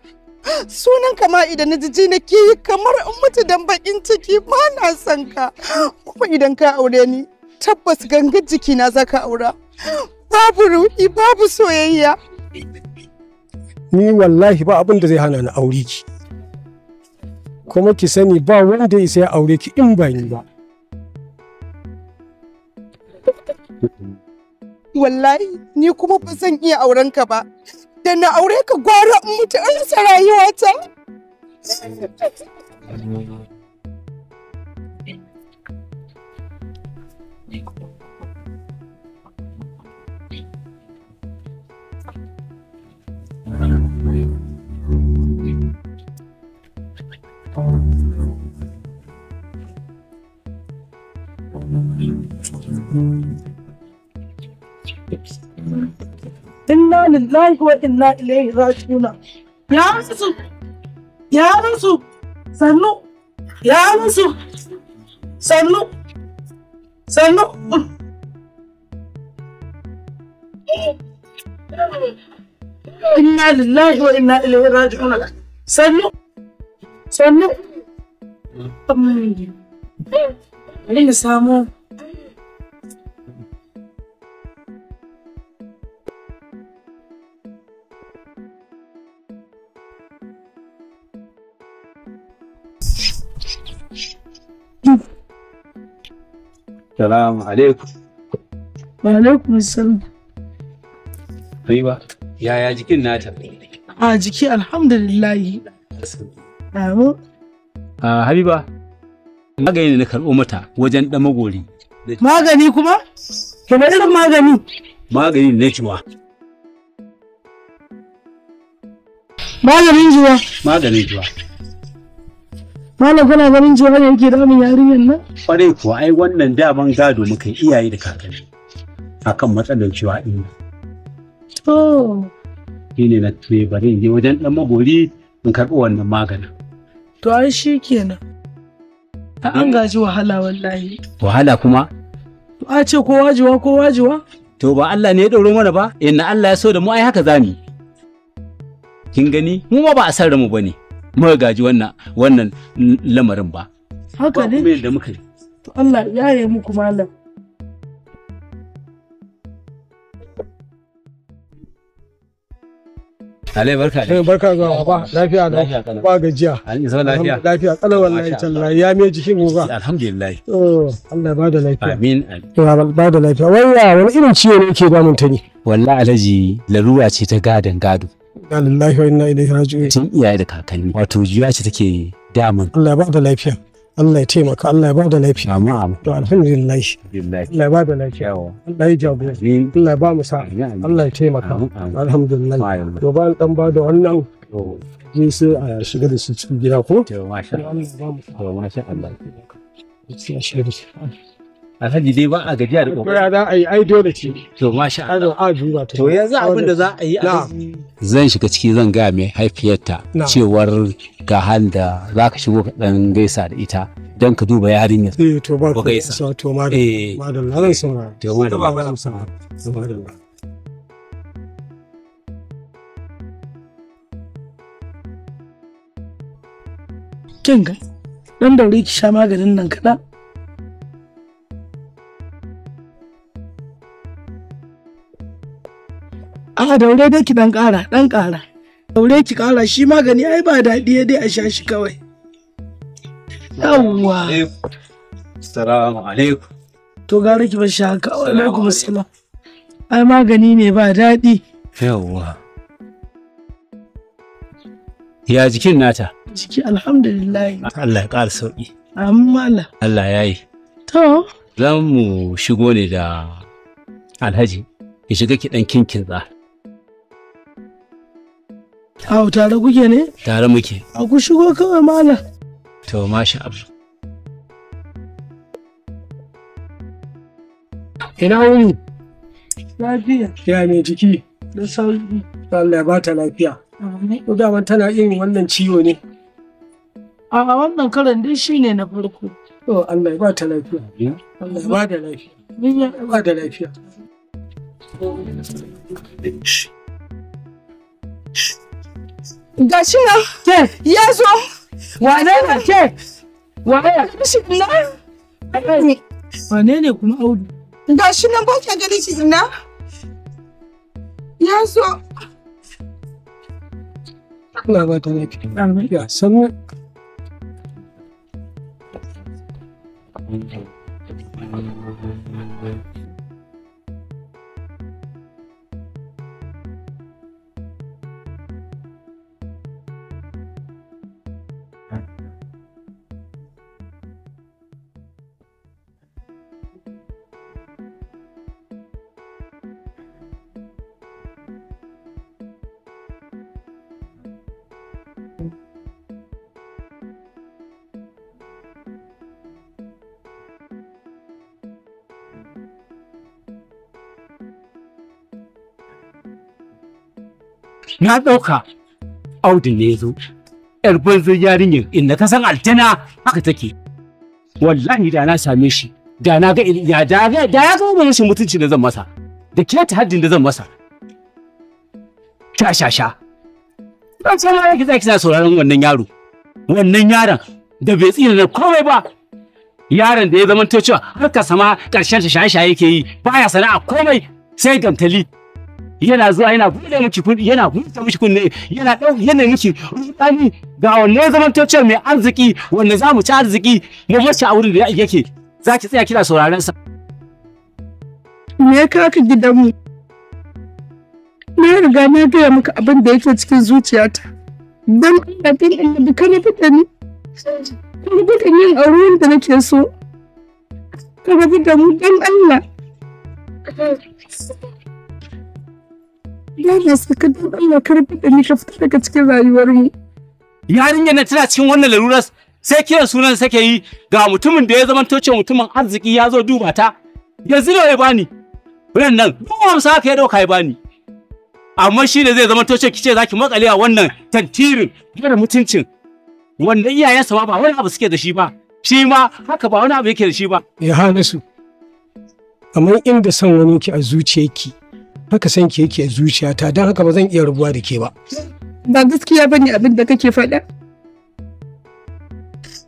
sunan kama idan na jiji na ke yi kamar in mutu dan bakin ciki ba na son ka kuma idan ka aure ni tabbas gangan jikina za ka aura babu ruhi babu soyayya ni wallahi ba abin da zai hana ni aure ki kuma ki sani ba wanda ya sai aure ki in ba ni ba wallahi ni kuma ba zan iya auren ka ba da na aure ka gwara in mutu in rayuwata إنا لله وإنا إليه راجعون يا رسول يا رسول سنو يا رسول سنو سنو إنا لله وإنا إليه راجعون سنو sannan bari da samu Salamu alaikum. alaikum salam. Riba, yaya jikin nata? A jiki alhamdulillahi. Amu. Habiba, magani ne na karɓo mata wajen ɗan magori. Magani kuma? Kina irin magani? Magani na juwa. Maganin juwa? Maganin juwa. Malam kana ganin juwa ne yake damun yarinyar nan? Kwarai kuwa ai wannan daman gado muka iyaye da kakanni akan matsalar juwa ɗin nan. To. Shi ne na tuye bari in je wajen ɗan magori in karɓi wannan maganin. to ai shi kenan an gaji wahala wallahi wahala kuma to a ce ko wajiwa ko wajiwa to ba Allah ne ya ɗauro mana ba inna Allah ya so da mu ai haka zamu kin gani mu ma ba a san mu bane muka gaji wannan wannan lamarin ba haka ne muka to Allah ya yi muku malam Alai barka da. Eh, barka zuwa ba lafiya da ba gajiya. An isa lafiya. Lafiya kala wallahi can la ya me jikin mu ba. Alhamdulillah. Oh Allah ba da lafiya. Amin. To ba da lafiya. Wayya wani irin ciwo ne yake damun ta ne? Wallahi alaji larura ce ta gadan gado. Inna lillahi wa inna ilaihi raji'un. Tun iyaye da kakanni. Wato juya ce take damun. Allah ba da lafiya. Allah ya taimaka Allah ya bada lafiya amin to alhamdulillah Allah ya bada lafiya Allah ya jagora Allah ya ba mu sa Allah ya taimaka alhamdulillah to ba dan ba da wannan ni su a shiga da su cikin gida ko to masha Allah to masha Allah su. a shiga da alhaji dai ba a gajiya da kokari ya za a yi ai dole ce to masha Allah a to yanzu abin da za a yi zan shiga ciki zan ga mai haifiyarta cewar ga hal da za ka shigo ka dan gaisa da ita dan ka duba yarinya eh to ba ku gaisa to madalla eh. madalla zan saurara to madalla da kin ga dan daure ki sha maganin nan kaɗan a daure da ki dan ƙara dan ƙara daure ki ƙara shi magani ai ba daɗi dai a sha shi kawai yawwa eh, assalamu alaikum to gara ki bar shi haka alaikum assalam ai magani ne ba daɗi yawwa ya jikin nata jiki alhamdulillah Allah ya ƙara sauƙi amma Allah Allah ya yi to zan mu shigo ne da alhaji ki shiga ki dan kinkin za Aw tare kuke ne? Tare muke. A ku shigo kawai malam. To masha Allah. Ina wuni? Lafiya. Ya mai jiki? Na sauki. Allah ya bata lafiya. Ko da tana irin wannan ciwo ne. A wannan karan dai shine na farko. To Allah ya bata lafiya. Allah ya bada lafiya. Ya bada lafiya. Shh. Shh. ga shi nan ya zo wane ne ke wane ne kuma audu ga shi nan ba gani shi na. ya zo ba ta Ya Thank you. na ɗauka audi ne zo yar banzo yarinyar inda ka san altana haka take wallahi da na same shi da na ga da da da ya ga rashin mutunci da zan masa da ke ta haddin da zan masa sha sha sha dan san ya ki zaki sauraron wannan yaro wannan yaron da bai tsira da komai ba yaron da ya zama to cewa har ka sama karshen shaye-shaye yake yi baya sana'a komai sai gantali yana zuwa yana buɗe miki kunne yana buɗe miki kunne yana ɗau yana miki rudani ga wannan zamantaccen mai arziki wanda za mu ci arziki mu bashi a wurin da yake za ki tsaya kira sauraren sa me ya gidan gidanmu na riga na gaya maka abin da yake cikin zuciyata don Allah bin ka kana fita ni kuma gudun yin ruwan da nake so ka rabu mu don Allah Dole sai ka dan Allah ka da ni ka fita daga cikin rayuwar mu. Yarinyar na tana cikin wannan larurar sai kiran sunan sake yi ga mutumin da ya zama toce mutumin arziki ya zo duba ta. Yanzu ne ya bani. Ran nan duk sa ka yi dauka ya bani. Amma shi ne zai zama toce kice zaki makale a wannan tantirin da mutuncin wanda iyayensa ba wani abu suke da shi ba. Shi ma haka ba wani abu yake da shi ba. Ya hana su. Kamar inda son wani ki a zuciyarki. baka san ke yake zuciyata don haka ba zan iya rabuwa da ke ba. Ba gaskiya bane abin da kake faɗa.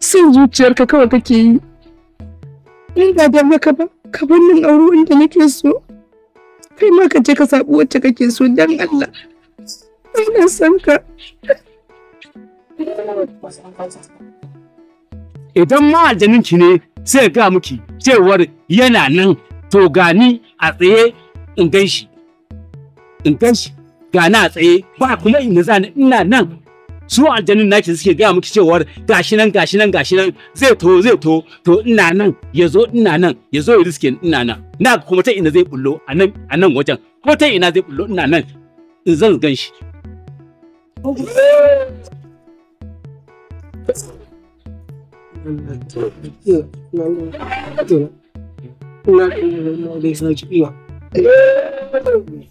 Son zuciyarka kawai kake yi. Ni ba da maka ba, ka bar min auro inda nake so. Kai ma ka je ka saɓi wacce kake so don Allah. Ina san ka. Idan ma aljaninki ne sai ga miki cewar yana nan to gani a tsaye in gan shi in gan shi ga na tsaye ba kuma in za ni ina nan su aljanun naki suke gaya miki cewar gashi nan gashi nan gashi nan zai to zai to to ina nan ya zo ina nan ya zo ya riske ina nan na kuma ta ina zai bullo a nan a nan wajen ko ta ina zai bullo ina nan in zan gan shi you.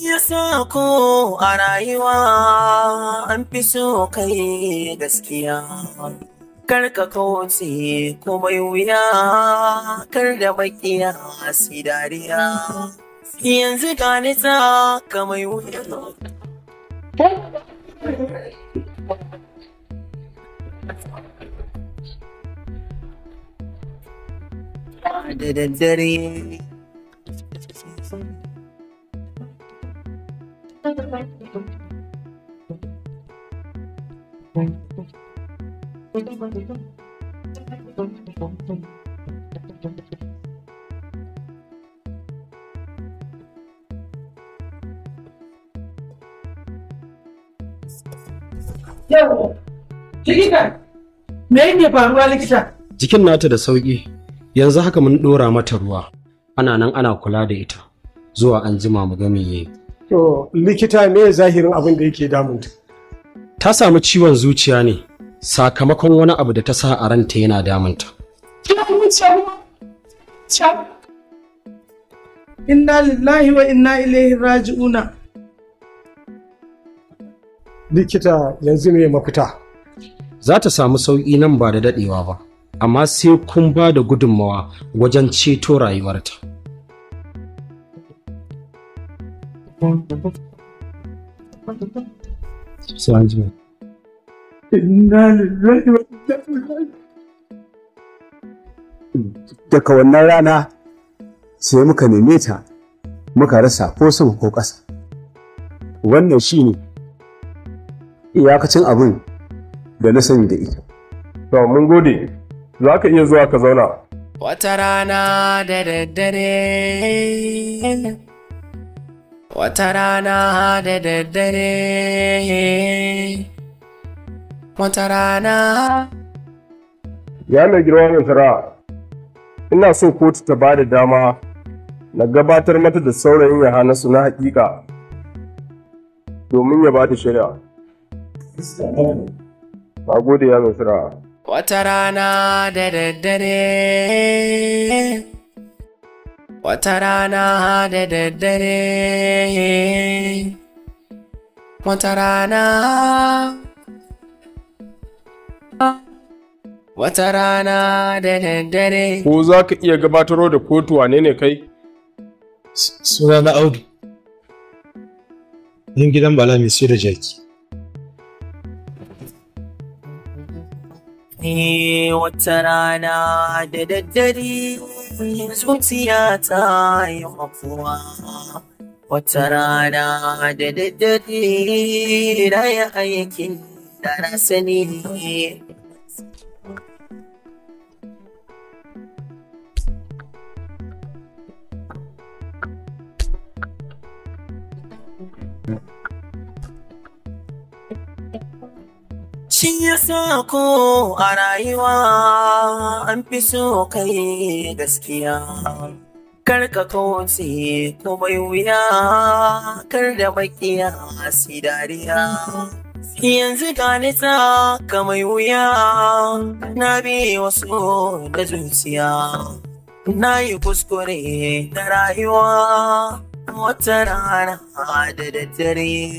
ya ko a rayuwa an fi so kai gaskiya. Kar ka kauce mai wuya, kar da makiya su dariya. Yanzu ka nisa wuya. Da daddare. me faruwa likita? Jikin nata da sauƙi, yanzu haka mun ɗora mata ruwa, ana nan ana kula da ita, zuwa an jima mu ga me likita ne zahirin abin da yake damunta? Ta samu ciwon zuciya ne sakamakon wani abu da ta sa a ranta yana damunta. Inna lillahi wa inna ilaihi raji'una. Likita yanzu ne mafita. Za ta samu sauƙi nan ba da daɗewa ba, amma sai kun ba da gudunmawa wajen ceto rayuwarta. Sai an Daga wannan rana sai muka neme ta muka rasa ko sama ko ƙasa. Wannan shi ne iyakacin abin da na sani da ita. To mun gode, za ka iya zuwa ka zauna. Wata rana da daddare. Wata rana da daddare Wata rana Ya mai girma mai fara ina so kotu ta ba da dama na gabatar mata da saurayin Yahanasu na hakika domin ya bata shari'a. Ba gode ya mai fara. Wata rana da daddare Wata rana da daddare, wata rana, wata rana da daddare. Ko za ka iya gabatarwa da kotu wane ne kai? Suna na Audu, yin gidan Bala mai sai da jaki. wata rana da daddare zuciya yi afuwa wata rana da daddare na yi aikin da na sani shi ya sa ko a rayuwa an fi so kai gaskiya kar ka kawace ko mai wuya kar da makiya si dariya yanzu ka nisa ka mai wuya na bi wasu da zuciya na yi kuskure da rayuwa wata rana da daddare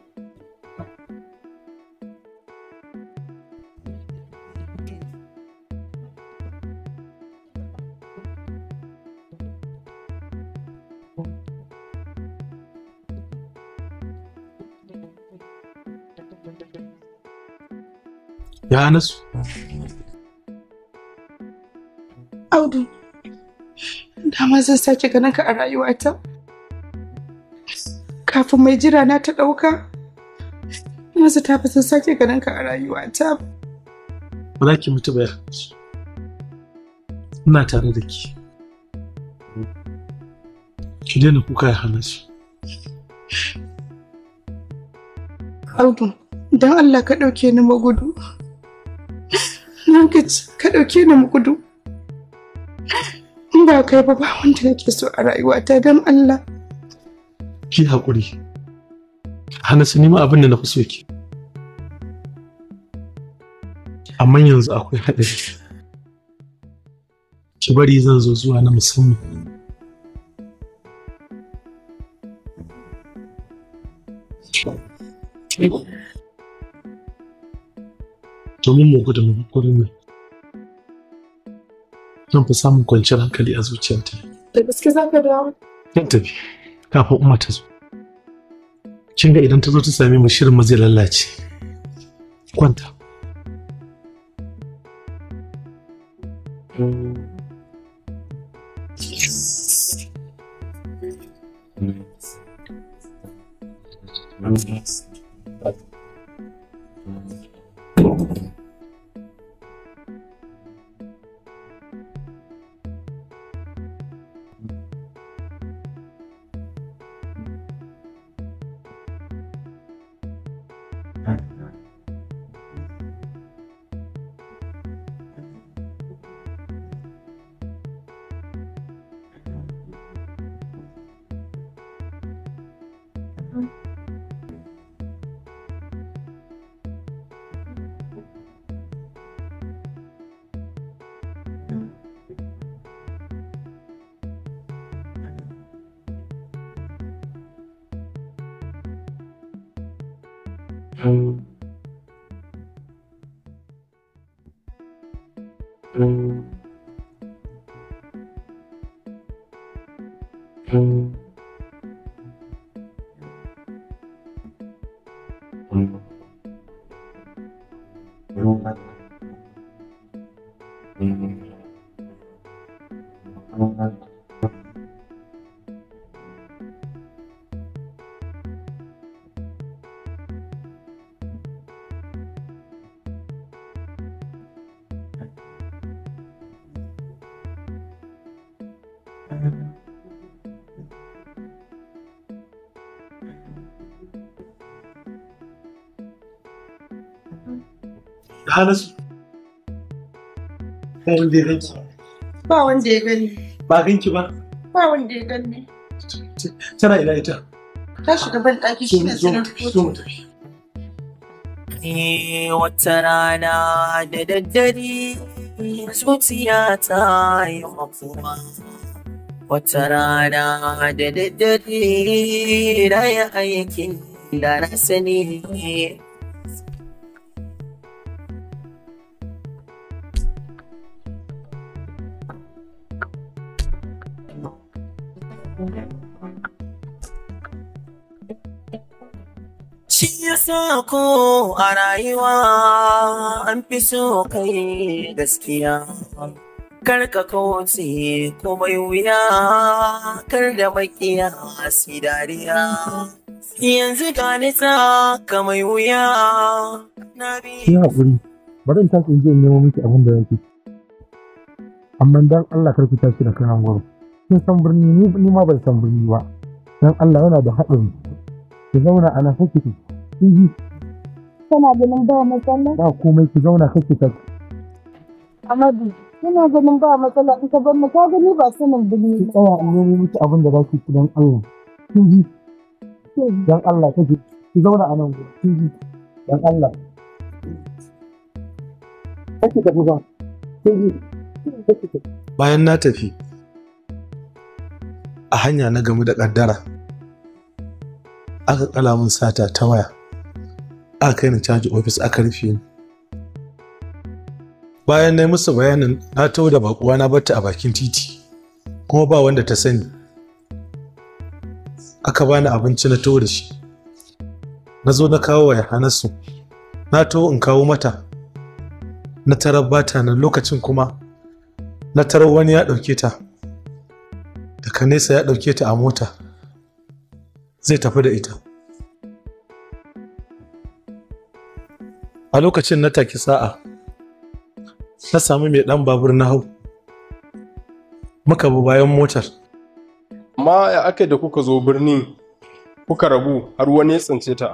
Ya nasu. Audu, dama zan sake ganin ka a rayuwata. Kafin mai jira na ta ɗauka, na zata ba zan sake ganin ka a rayuwata. Ba za ki mutu ba Ina tare da ki. Ki daina kuka ya hana su. Audu, don Allah ka ɗauke ni magudu. Na ka ɗauke ni mu gudu. In ba kai ba ba wanda nake so a rayuwata don Allah. Ki haƙuri. Hana su nema abin da na fi so ki. Amma yanzu akwai haɗari. Ki bari zan zo zuwa na musamman. Thank you. domin mu gudu mu gurin mai zan fi samun kwanciyar hankali a zuciyarta da gaske za ka dawo Yan tafi kafin umar ta zo kin ga idan ta zo ta sami mu shirin mu zai lalace kwanta Thank you. da hana su ba wanda ya ganki ba wanda ya gani ba ganki ba ba wanda ya gani tana ina ita ta shiga ban ɗaki shi ne sanar zo mu tafi e, wata rana da daddare zuciya ta yi mafuwa wata rana da daddare na yi aikin da na sani ku a rayuwa an fi so kai gaskiya. Kar ka kawance ko mai wuya, kar da makiya si dariya. Yanzu ka nisa ka mai wuya. Ki haƙuri, bari ta tashi in je nemo miki abin da yake. Amma dan Allah kar ku tashi da kayan gwaro. Kin san birni ni ma ban san birni ba. Dan Allah yana da haɗari. Ki zauna a nan sai ki TV. Kana ganin ba matsala? Ba komai ki zauna kake ta. Amadu, ina ganin ba matsala in ka bar mu ka gani ba sanin bane. Ki tsaya in nemo miki abin da za ki ci don Allah. Kin ji? Don Allah kake ki zauna a nan gurin. Kin ji? Don Allah. Kake tafi ba. Kin ji? Bayan na tafi, a hanya na gamu da ƙaddara, aka kala min sata ta waya. a kai ni caji ofis a rufe ni bayan na yi musu bayanin na taho da bakuwa na batta a bakin titi kuma ba wanda ta sani aka bani abinci na taho da shi na zo na kawo wa Yahanasu. na taho in kawo mata na tarar bata nan lokacin kuma na tarar wani ya ɗauke ta daga nesa ya ɗauke ta a mota zai tafi da ita a lokacin na taki sa'a na sami mai dan babur na hau muka bi bayan motar amma ya aka da kuka zo birnin kuka rabu har wani ya tsince ta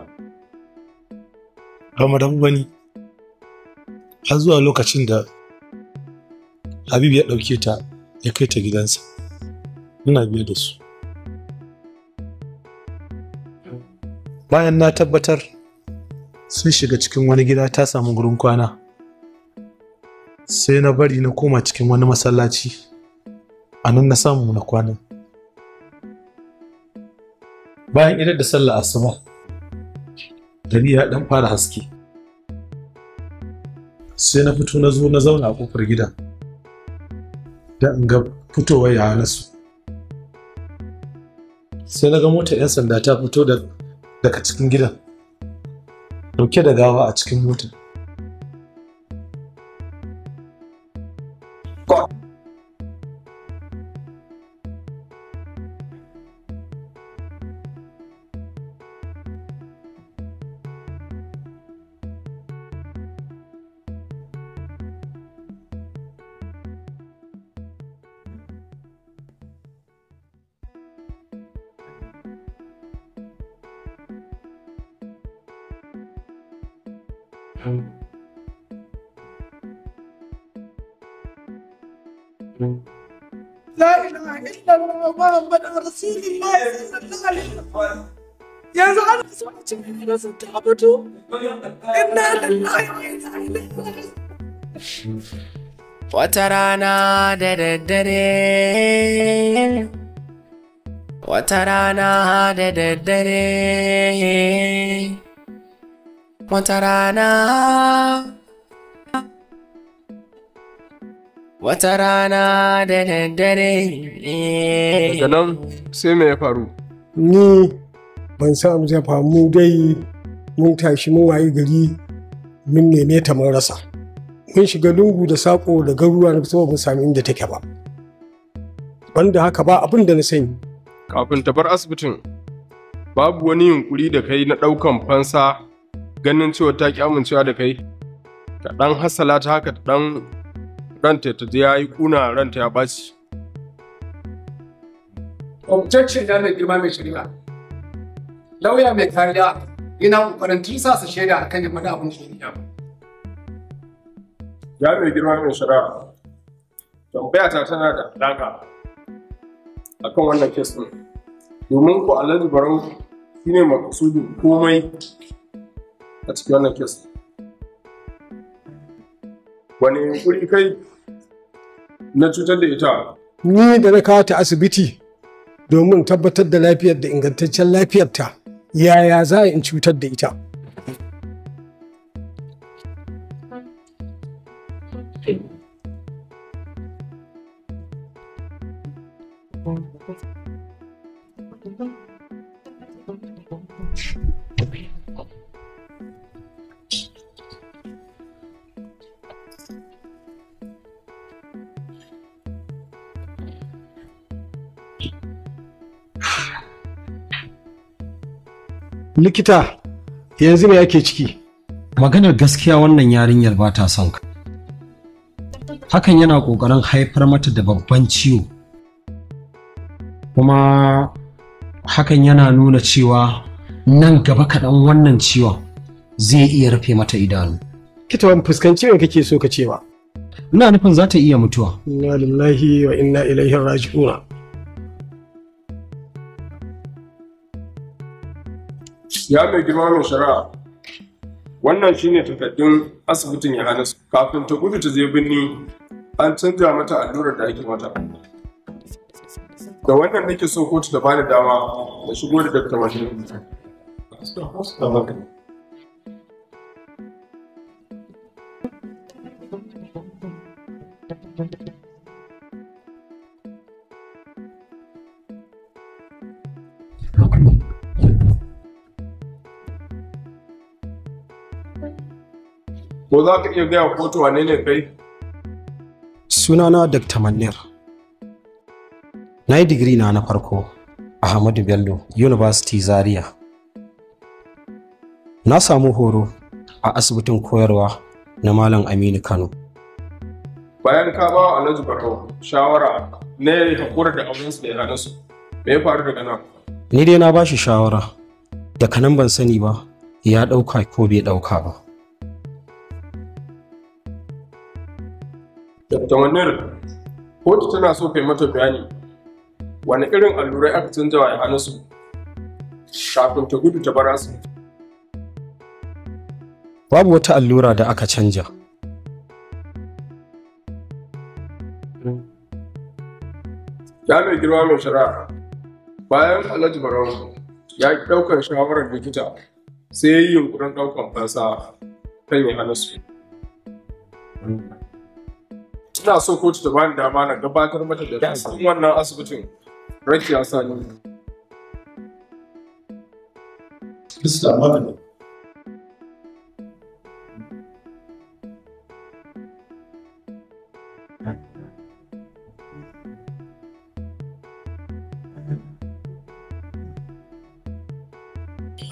ba mu rabu har zuwa lokacin da habib ya ɗauke ta ya kai ta gidansa ina biye da su bayan na tabbatar sun shiga cikin wani gida ta samu gurin kwana sai na bari na koma cikin wani masallaci a nan na samu na kwana bayan idar da sallah asuba gari ya dan fara haske sai na fito na zo na zauna a kofar gidan da in ga fitowar ya sai na ga mota 'yan sanda ta fito daga cikin gidan dauke da gawa a cikin motar. Watarana wata rana da daddare wata rana da daddare wata rana wata rana da daddare daga nan sai mai faru ni ban sa zai mu dai mun tashi mun waye gari mun neme ta mun rasa mun shiga lungu da saƙo da garuwa na fitowa mun sami inda take ba banda haka ba abin da na sani kafin ta bar asibitin babu wani yunkuri da kai na ɗaukan fansa ganin cewa ta ki amincewa da kai ta ɗan hasala ta haka ɗan ranta ta je ya yi kuna ranta ya baci objection da mai girma mai shari'a lauya mai kariya yana kokarin tusa su shaida akan yamma da abin shari'a ya mai girma mai shari'a tambaya ta tana da alaka akan wannan kes din domin ku alhaji barau shine makasudin komai a cikin wannan kes wani yunkuri kai na cutar da ita ni da na kawo ta asibiti domin tabbatar da lafiyar da ingantaccen lafiyarta yaya za a in cutar da ita likita yanzu me yake ciki maganar gaskiya wannan yarinyar ba ta son ka hakan yana ƙoƙarin haifar mata da babban ciwo kuma hakan yana nuna cewa nan gaba kaɗan wannan ciwon zai iya rufe mata idanu kita wani fuskanci mai kake so ka cewa ina nufin za ta iya mutuwa inna lillahi wa inna ilaihi raji'una Ya mai girma mai shari'a, wannan shine takaddun asibitin Yohannes kafin ta gudu ta zai birni an canza mata allurar da ake mata. Da wannan nake so kotu ta bani dama da shigo da Dr. Mahim. Thank you. ko za ka iya gaya kotu wane ne kai? Sunana Dr. Manir. Na yi digiri na na farko a Hamadu Bello University Zaria. Na samu horo a asibitin koyarwa na Malam Aminu Kano. Bayan ka ba Alhaji Bato shawara ne hakura da su da su. Me ya faru daga nan? Ni dai na ba shi shawara. Da kanan ban sani ba, ya ɗauka ko bai ɗauka ba. Dr. Munir, kotu tana so kai mata bayani wani irin allurai aka canja wa Yahanasu kafin ta gudu ta bar asibiti. Babu wata allura da aka canja. Ya mai girma mai shari'a bayan Alhaji Barau ya ki ɗaukar shawarar likita sai ya yi yunkurin ɗaukar fansa kan Yahanasu. ina so kotu da bani dama na gabatar mata da kasan wannan asibitin rake ya sa ni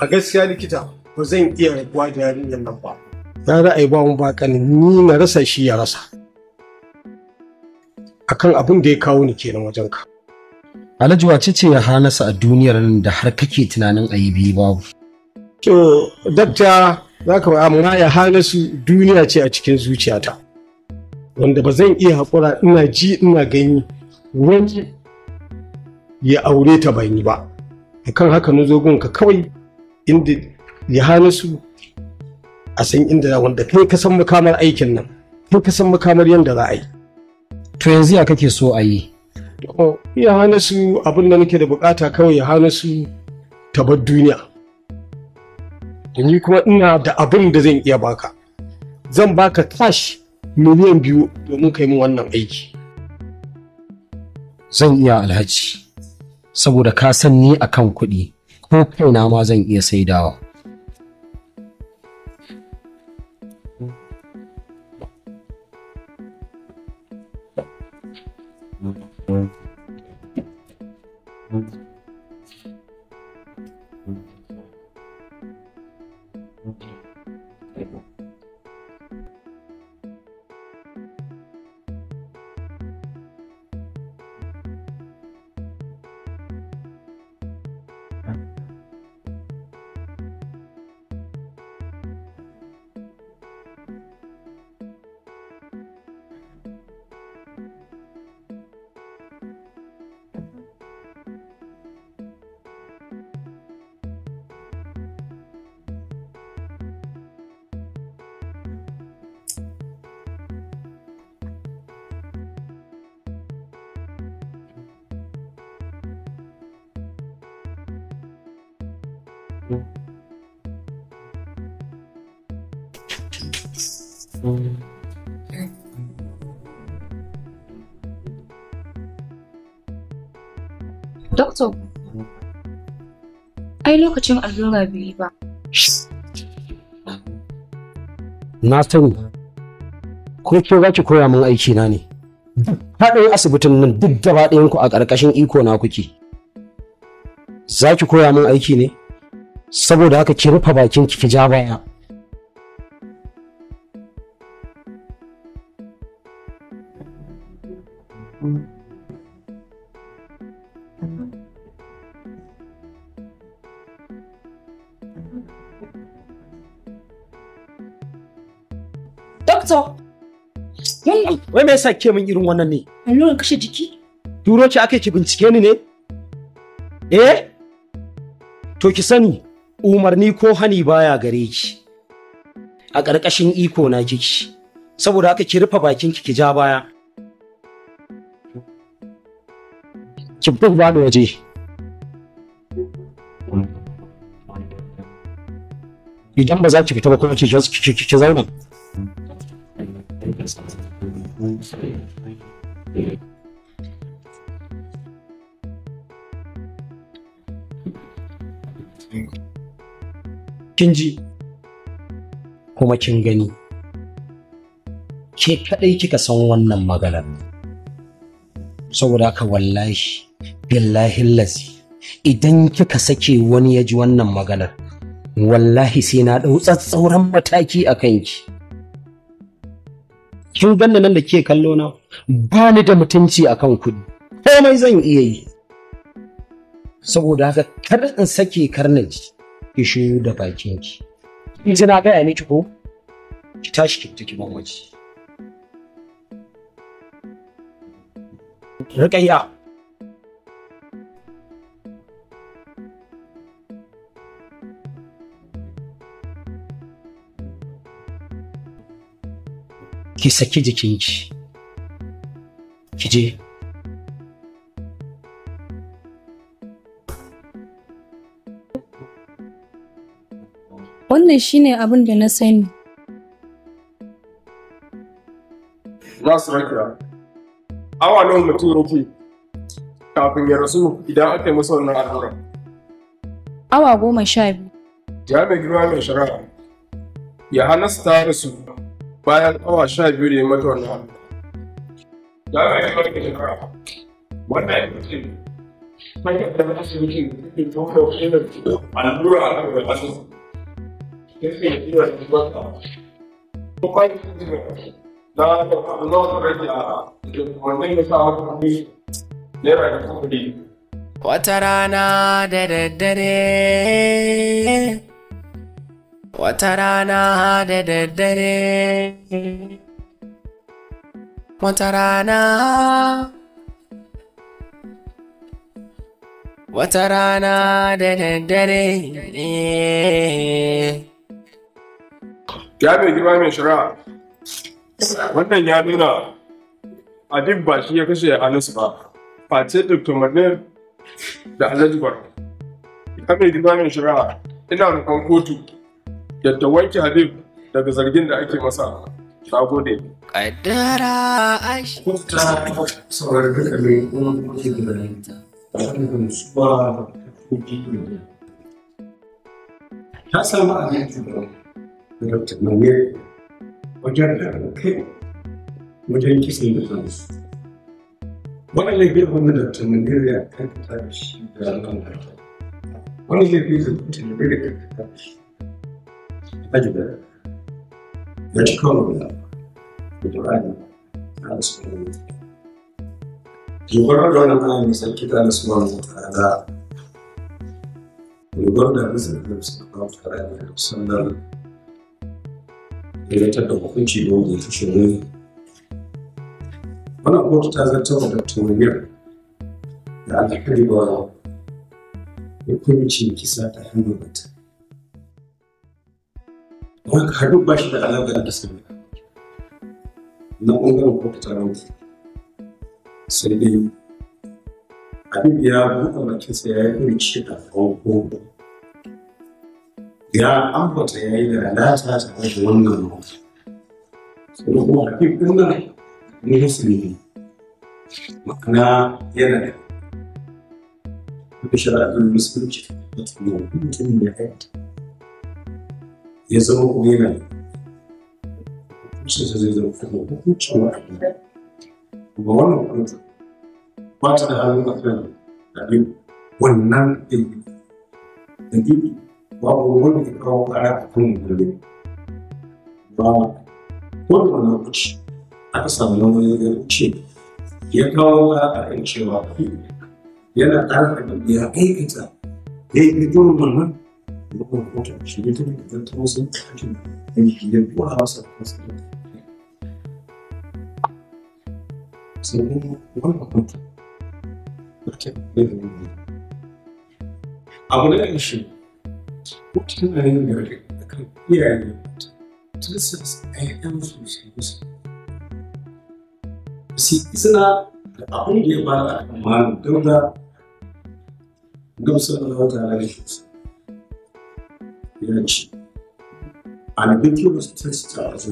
a gaskiya likita ba zan iya rabuwa da yarinyar nan ba. Na ra'ayi ba mu ba ni na rasa shi ya rasa. akan abin da ya kawo ni kenan wajen ka Alhaji wace ce ya hanasa a duniyar nan da har kake tunanin a yi biyu babu to dakta za ka amma ya hanasu duniya ce a cikin zuciyata wanda ba zan iya haƙura ina ji ina gani wani ya aure ta ban yi ba kan haka na zo ka kawai inda ya hanasu a san inda wanda kai ka san makamar aikin nan kai ka san makamar yadda za a yi to yanzu ya kake so a yi ya hana su abin da nake da bukata kawai ya hana su tabar duniya ni kuma ina da abin da zan iya baka zan baka cash miliyan biyu domin kai min wannan aiki zan iya alhaji saboda ka san ni akan kuɗi ko kaina ma zan iya saidawa Thank you. kai lokacin allura biyu ba. Na sani, ko ke za ki koya min aiki na ne. Haɗin asibitin nan duk gaba ku a ƙarƙashin iko na kuke. Za ki koya min aiki ne? Saboda haka ki rufe bakin ki ki ja baya. Mm-hmm. Doctor! Wai me yasa ke min irin wannan ne? Alluran kashe jiki? Turo ake ki bincike ni ne? Eh? To ki sani, umarni ko hani baya gare ki. A ƙarƙashin iko na kiki. Saboda haka ki rufe bakin ki ki ja baya. Ki ba da waje. Idan ba za ki fita ba kuma ki zauna. kin ji kuma kin gani ke kaɗai kika san wannan maganar saboda ka wallahi billahi lazi idan kika sake wani ya ji wannan maganar wallahi sai na ɗau tsatsauran mataki a kanki kin ganna nan da ke kallo na ba ni da mutunci akan kudi komai zan iya yi saboda haka kar in sake karnaji ki shiru da ki in ji na gaya miki ko ki tashi ki fita ki mamaci Rukayya ki saki jikinki ki je wannan shine abin da na sani Last rakira. Awa nan mutum yake kafin ya rasu idan aka yi masa wannan allura? Awa goma sha biyu. Jami'in girma mai shara'a. ya halasta da su bayan awa sha biyu da ya mata wannan abu da aka yi wani da kara wannan ya da Wata rana da daddare Wata rana Wata rana da daddare Ya mai girma mai shira wannan ya nuna a duk ba shi ya kashe Halisu ba face Dr. Manir da Alhaji Gwaro. Ya mai girma mai shira ina rukon kotu da ta wanke Habib daga zargin da ake masa. Na gode. Kaddara ashi. Kuta saurar duka mai kuma kuke da ba, Ta samu alaƙa da Dr. Manir wajen da kai wajen kisan da kansu. Wani laifin wanda Dr. Manir ya kankata da shi da alaƙa. Wani laifin da Dr. Manir ya kankata da shi. Edinburgh, British Columbia, Iran, da Sudan. Yugurar da wannan ayin misal kita da suwa mu ta'ala. Yugurar da misal da suwa mu ta'ala da sannan gabatar da hukunci da wanda ya fi wani. Wannan kotu ta zartar da tunaniyar da kisa ta hannun don ka duk ba shi da alaƙa da suka mai na ɓangaren kwata ta rawa sai dai abin ya buɗe bakinsa ya yi kurci da farko ya ambata ya yi da lalata ta kashe wannan rahoto sai kuma abin ɗin nan ne musulmi ma'ana yana da kuɗin shari'ar musulunci da mutum ne aikata ya zama wena kusa zai zama kuma hukuncin wa addini ba wannan kotu wannan babu ya kawo ƙara a wani aka samu ya ya kawo yana ƙara da ya aikata ya yi wannan local water shielding that also cutting and here warehouse of hospital. So one moment. Okay, wait a minute. Abone olmuşum. Bu kelimeyi gördük. Bakın bir yerde yaptı. Tırısız eğer musunuz? Si izina abin da ya bada a kan malam don da gamsar da wata rarrafe ya ce ambiguous test zo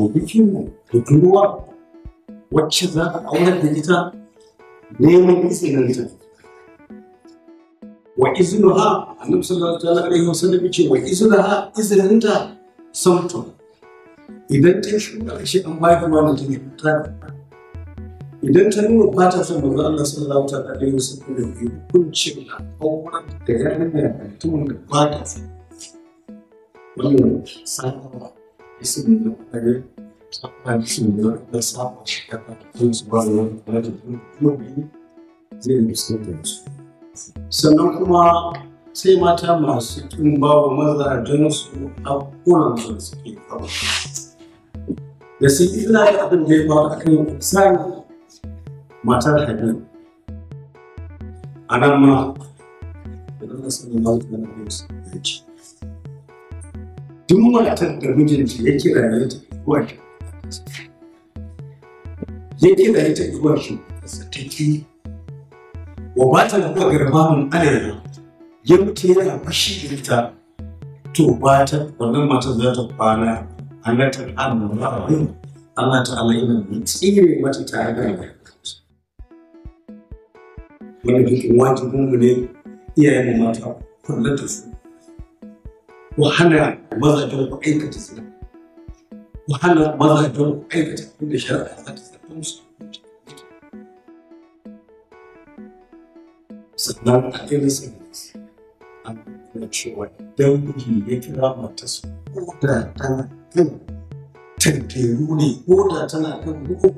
ambiguous budurwa wacce za a aunar da ita neman izinin ta wa izinuha annabi sallallahu alaihi wasallam ce wa izinuha ha? ta samtum idan ta shuka shi an bayar da ta idan ta nuna fata son zuwa Allah sallallahu ta'ala alaihi wasallam da ke hukuncin auren da yarinya da mutumin da fata son wannan sanawa ya sabi da kare ta shi ne da saba shi ta kafin su ba da wani da kuma biyu zai yi su da su sannan kuma sai mata masu tun babu maza a jansu a kunan su da suke kawo da su ina da abin da ya faru akan sani matar Habib a nan ma da kuka sani mawuta na Habib sun yanci duk matar da mijinta ya kira ya ta uwar shi ya kira ya ta uwar shi a ki wa ba ta kuka garbamin adana ya mutu yana fashi da ita to ba ta wannan matar za ta kwana a nan ta amma ba a wani Allah ta'ala yana tsire mata tare da wanda yake wajibinmu ne iyayen mu mata kullata su ku hana mazajen ku aikata su ku hana mazajen ku aikata abin da shari'a za ta zarta musu sannan a irin su an kuma cewa dan kuki ya kira mata su ko da tana kan tantaru ne ko da tana kan gugu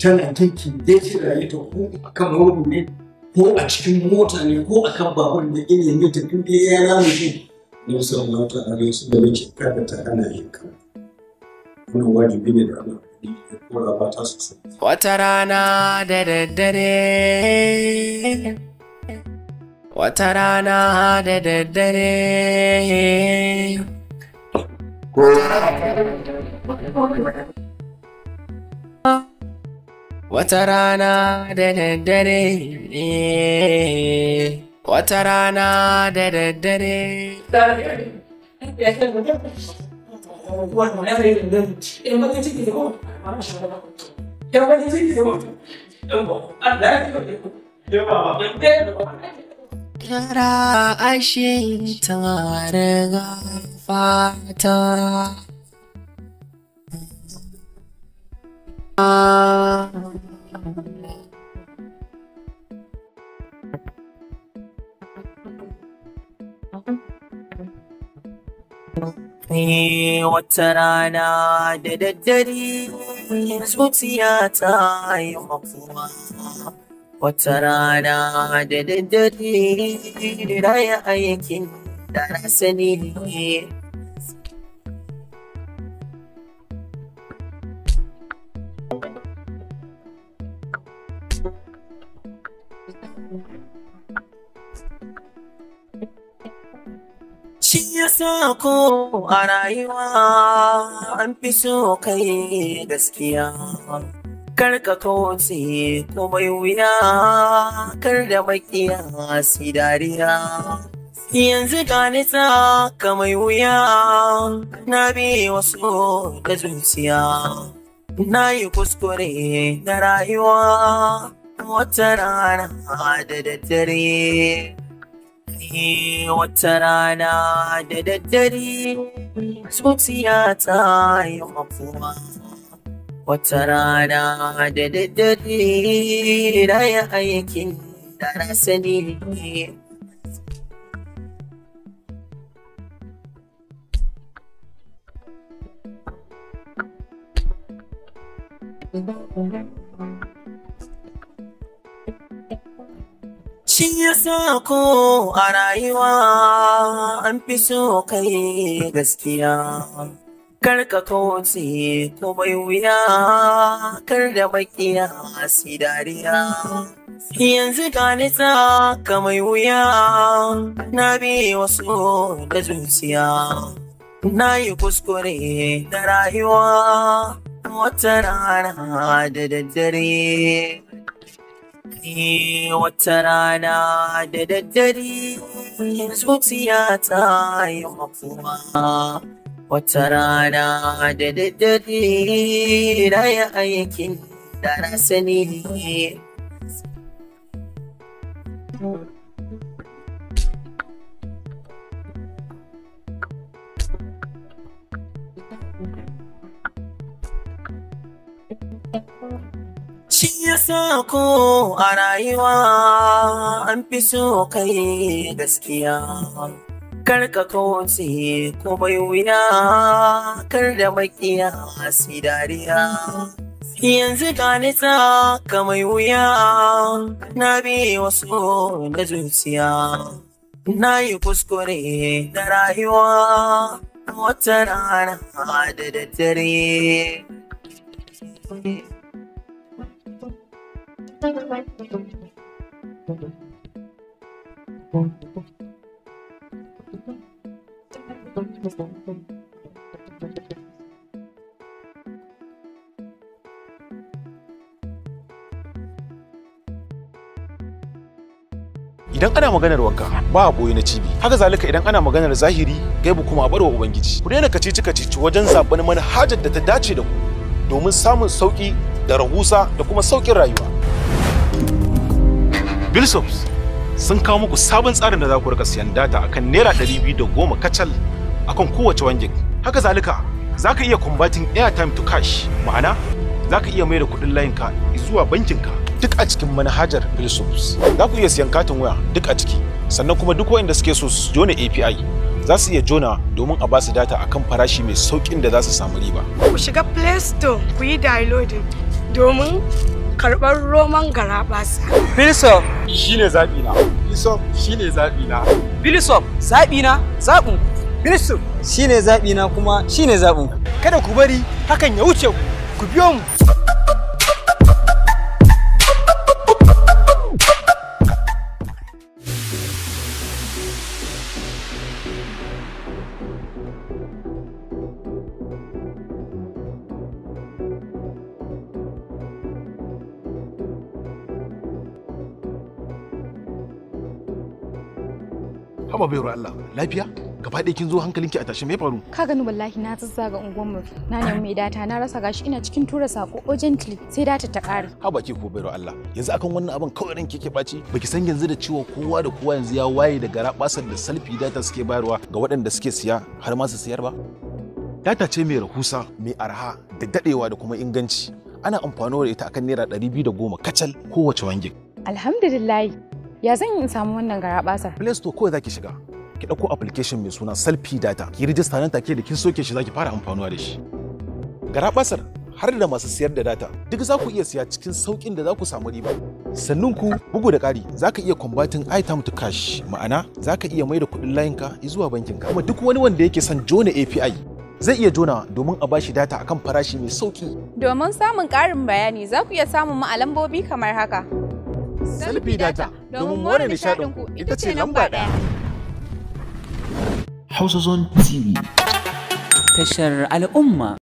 tana tanki zai ce da ita ko akan wani ne ko a cikin mota ne ko a kan babur da ina ne tafi da ya rami shi su wasu mata a su da nake karanta ana yin ka wannan wajibi ne da ana kora ba ta su wata rana da daddare wata rana da daddare wata rana da daddare eh. wata rana da daddare Yara ashe tare ga fata wata rana da daddare zuciyata yi makuwa. wata rana da daddare da ya aikin da na sani ya sa ku a rayuwa an fi so kai gaskiya. Kar ka ko mai wuya, kar da makiya si dariya. Yanzu ka nisa ka mai wuya, na bi wasu da zuciya. Na yi kuskure na rayuwa, wata rana da daddare. wata rana da daddare zuciya ta yi mafuwa wata rana da daddare raya aikin da na sani Thank you. shi yasa ko a rayuwa an fi so kai gaskiya kar ka kauce ko mai wuya kar da makiya si dariya yanzu ka nisa ka mai wuya na bi wasu da zuciya na yi kuskure da rayuwa wata rana da daddare wata rana da daddare zuciya ta yi mafuwa wata rana da daddare na yi aikin da na sani yasa ko a rayuwa an fi so kai gaskiya kar ka ko bai wuya kar da makiya si dariya yanzu ka nisa ka mai wuya na bi wasu na zuciya na yi kuskure da rayuwa wata rana da daddare idan ana maganar wanka ba a boye na cibi haka zalika idan ana maganar zahiri gaibu kuma a barwa ubangiji ku daina kacici kacici wajen mana manhajar da ta dace da ku domin samun sauƙi da rahusa da kuma sauƙin rayuwa Bilsoms sun kawo muku sabon tsarin da za ku rika siyan data akan naira ɗari biyu da goma kacal akan kowace wangin. Haka zalika za ka iya converting airtime to cash ma'ana za ka iya mai da kuɗin ka zuwa bankin ka. duk a cikin manhajar Bilsoms. Za ku iya siyan katin waya duk a ciki sannan kuma duk waɗanda suke so su jona API za su iya jona domin a ba su data akan farashi mai saukin da za su samu riba. Ku shiga Play Store ku yi downloading domin karɓar roman garaɓasa. Bilisop shine zaɓi na. Bilisop shine zaɓi na. bilisop. zaɓi na zaɓin. Bilisop shine zaɓi na kuma shine zaɓin. Kada ku bari hakan ya wuce ku. Ku biyo mu. bai ruwa Allah lafiya gaba ɗaya kin zo hankalinki a tashi mai faru ka gani wallahi na zazzaga ga mu na nemi mai data na rasa gashi ina cikin tura sako urgently sai data ta ƙare ba ki ko ruwa Allah yanzu akan wannan abin kawai ranki ke baci baki san yanzu da ciwon kowa da kowa yanzu ya waye da garabasar da salfi data suke bayarwa ga waɗanda suke siya har ma su siyar ba data ce mai rahusa mai arha da dadewa da kuma inganci ana amfani da ita akan naira 210 kacal kowace wangin alhamdulillah ya zan in samu wannan garabasar play store kawai zaki shiga ki dauko application mai suna selfie data ki register nan take da kin soke shi zaki fara amfanuwa da shi garabasar har da masu siyar da data duk za ku iya siya cikin saukin da za ku samu riba sannan ku bugu da ƙari zaka iya combating item to cash ma'ana za ka iya maida kuɗin layinka zuwa bankinka kuma duk wani wanda yake son jona api zai iya jona domin a bashi data akan farashi mai sauki domin samun ƙarin bayani za ku iya samun mu a lambobi kamar haka Selfie data domin more nishadinku ita ce lamba ɗaya. Hausa Zone TV. Tashar al'umma.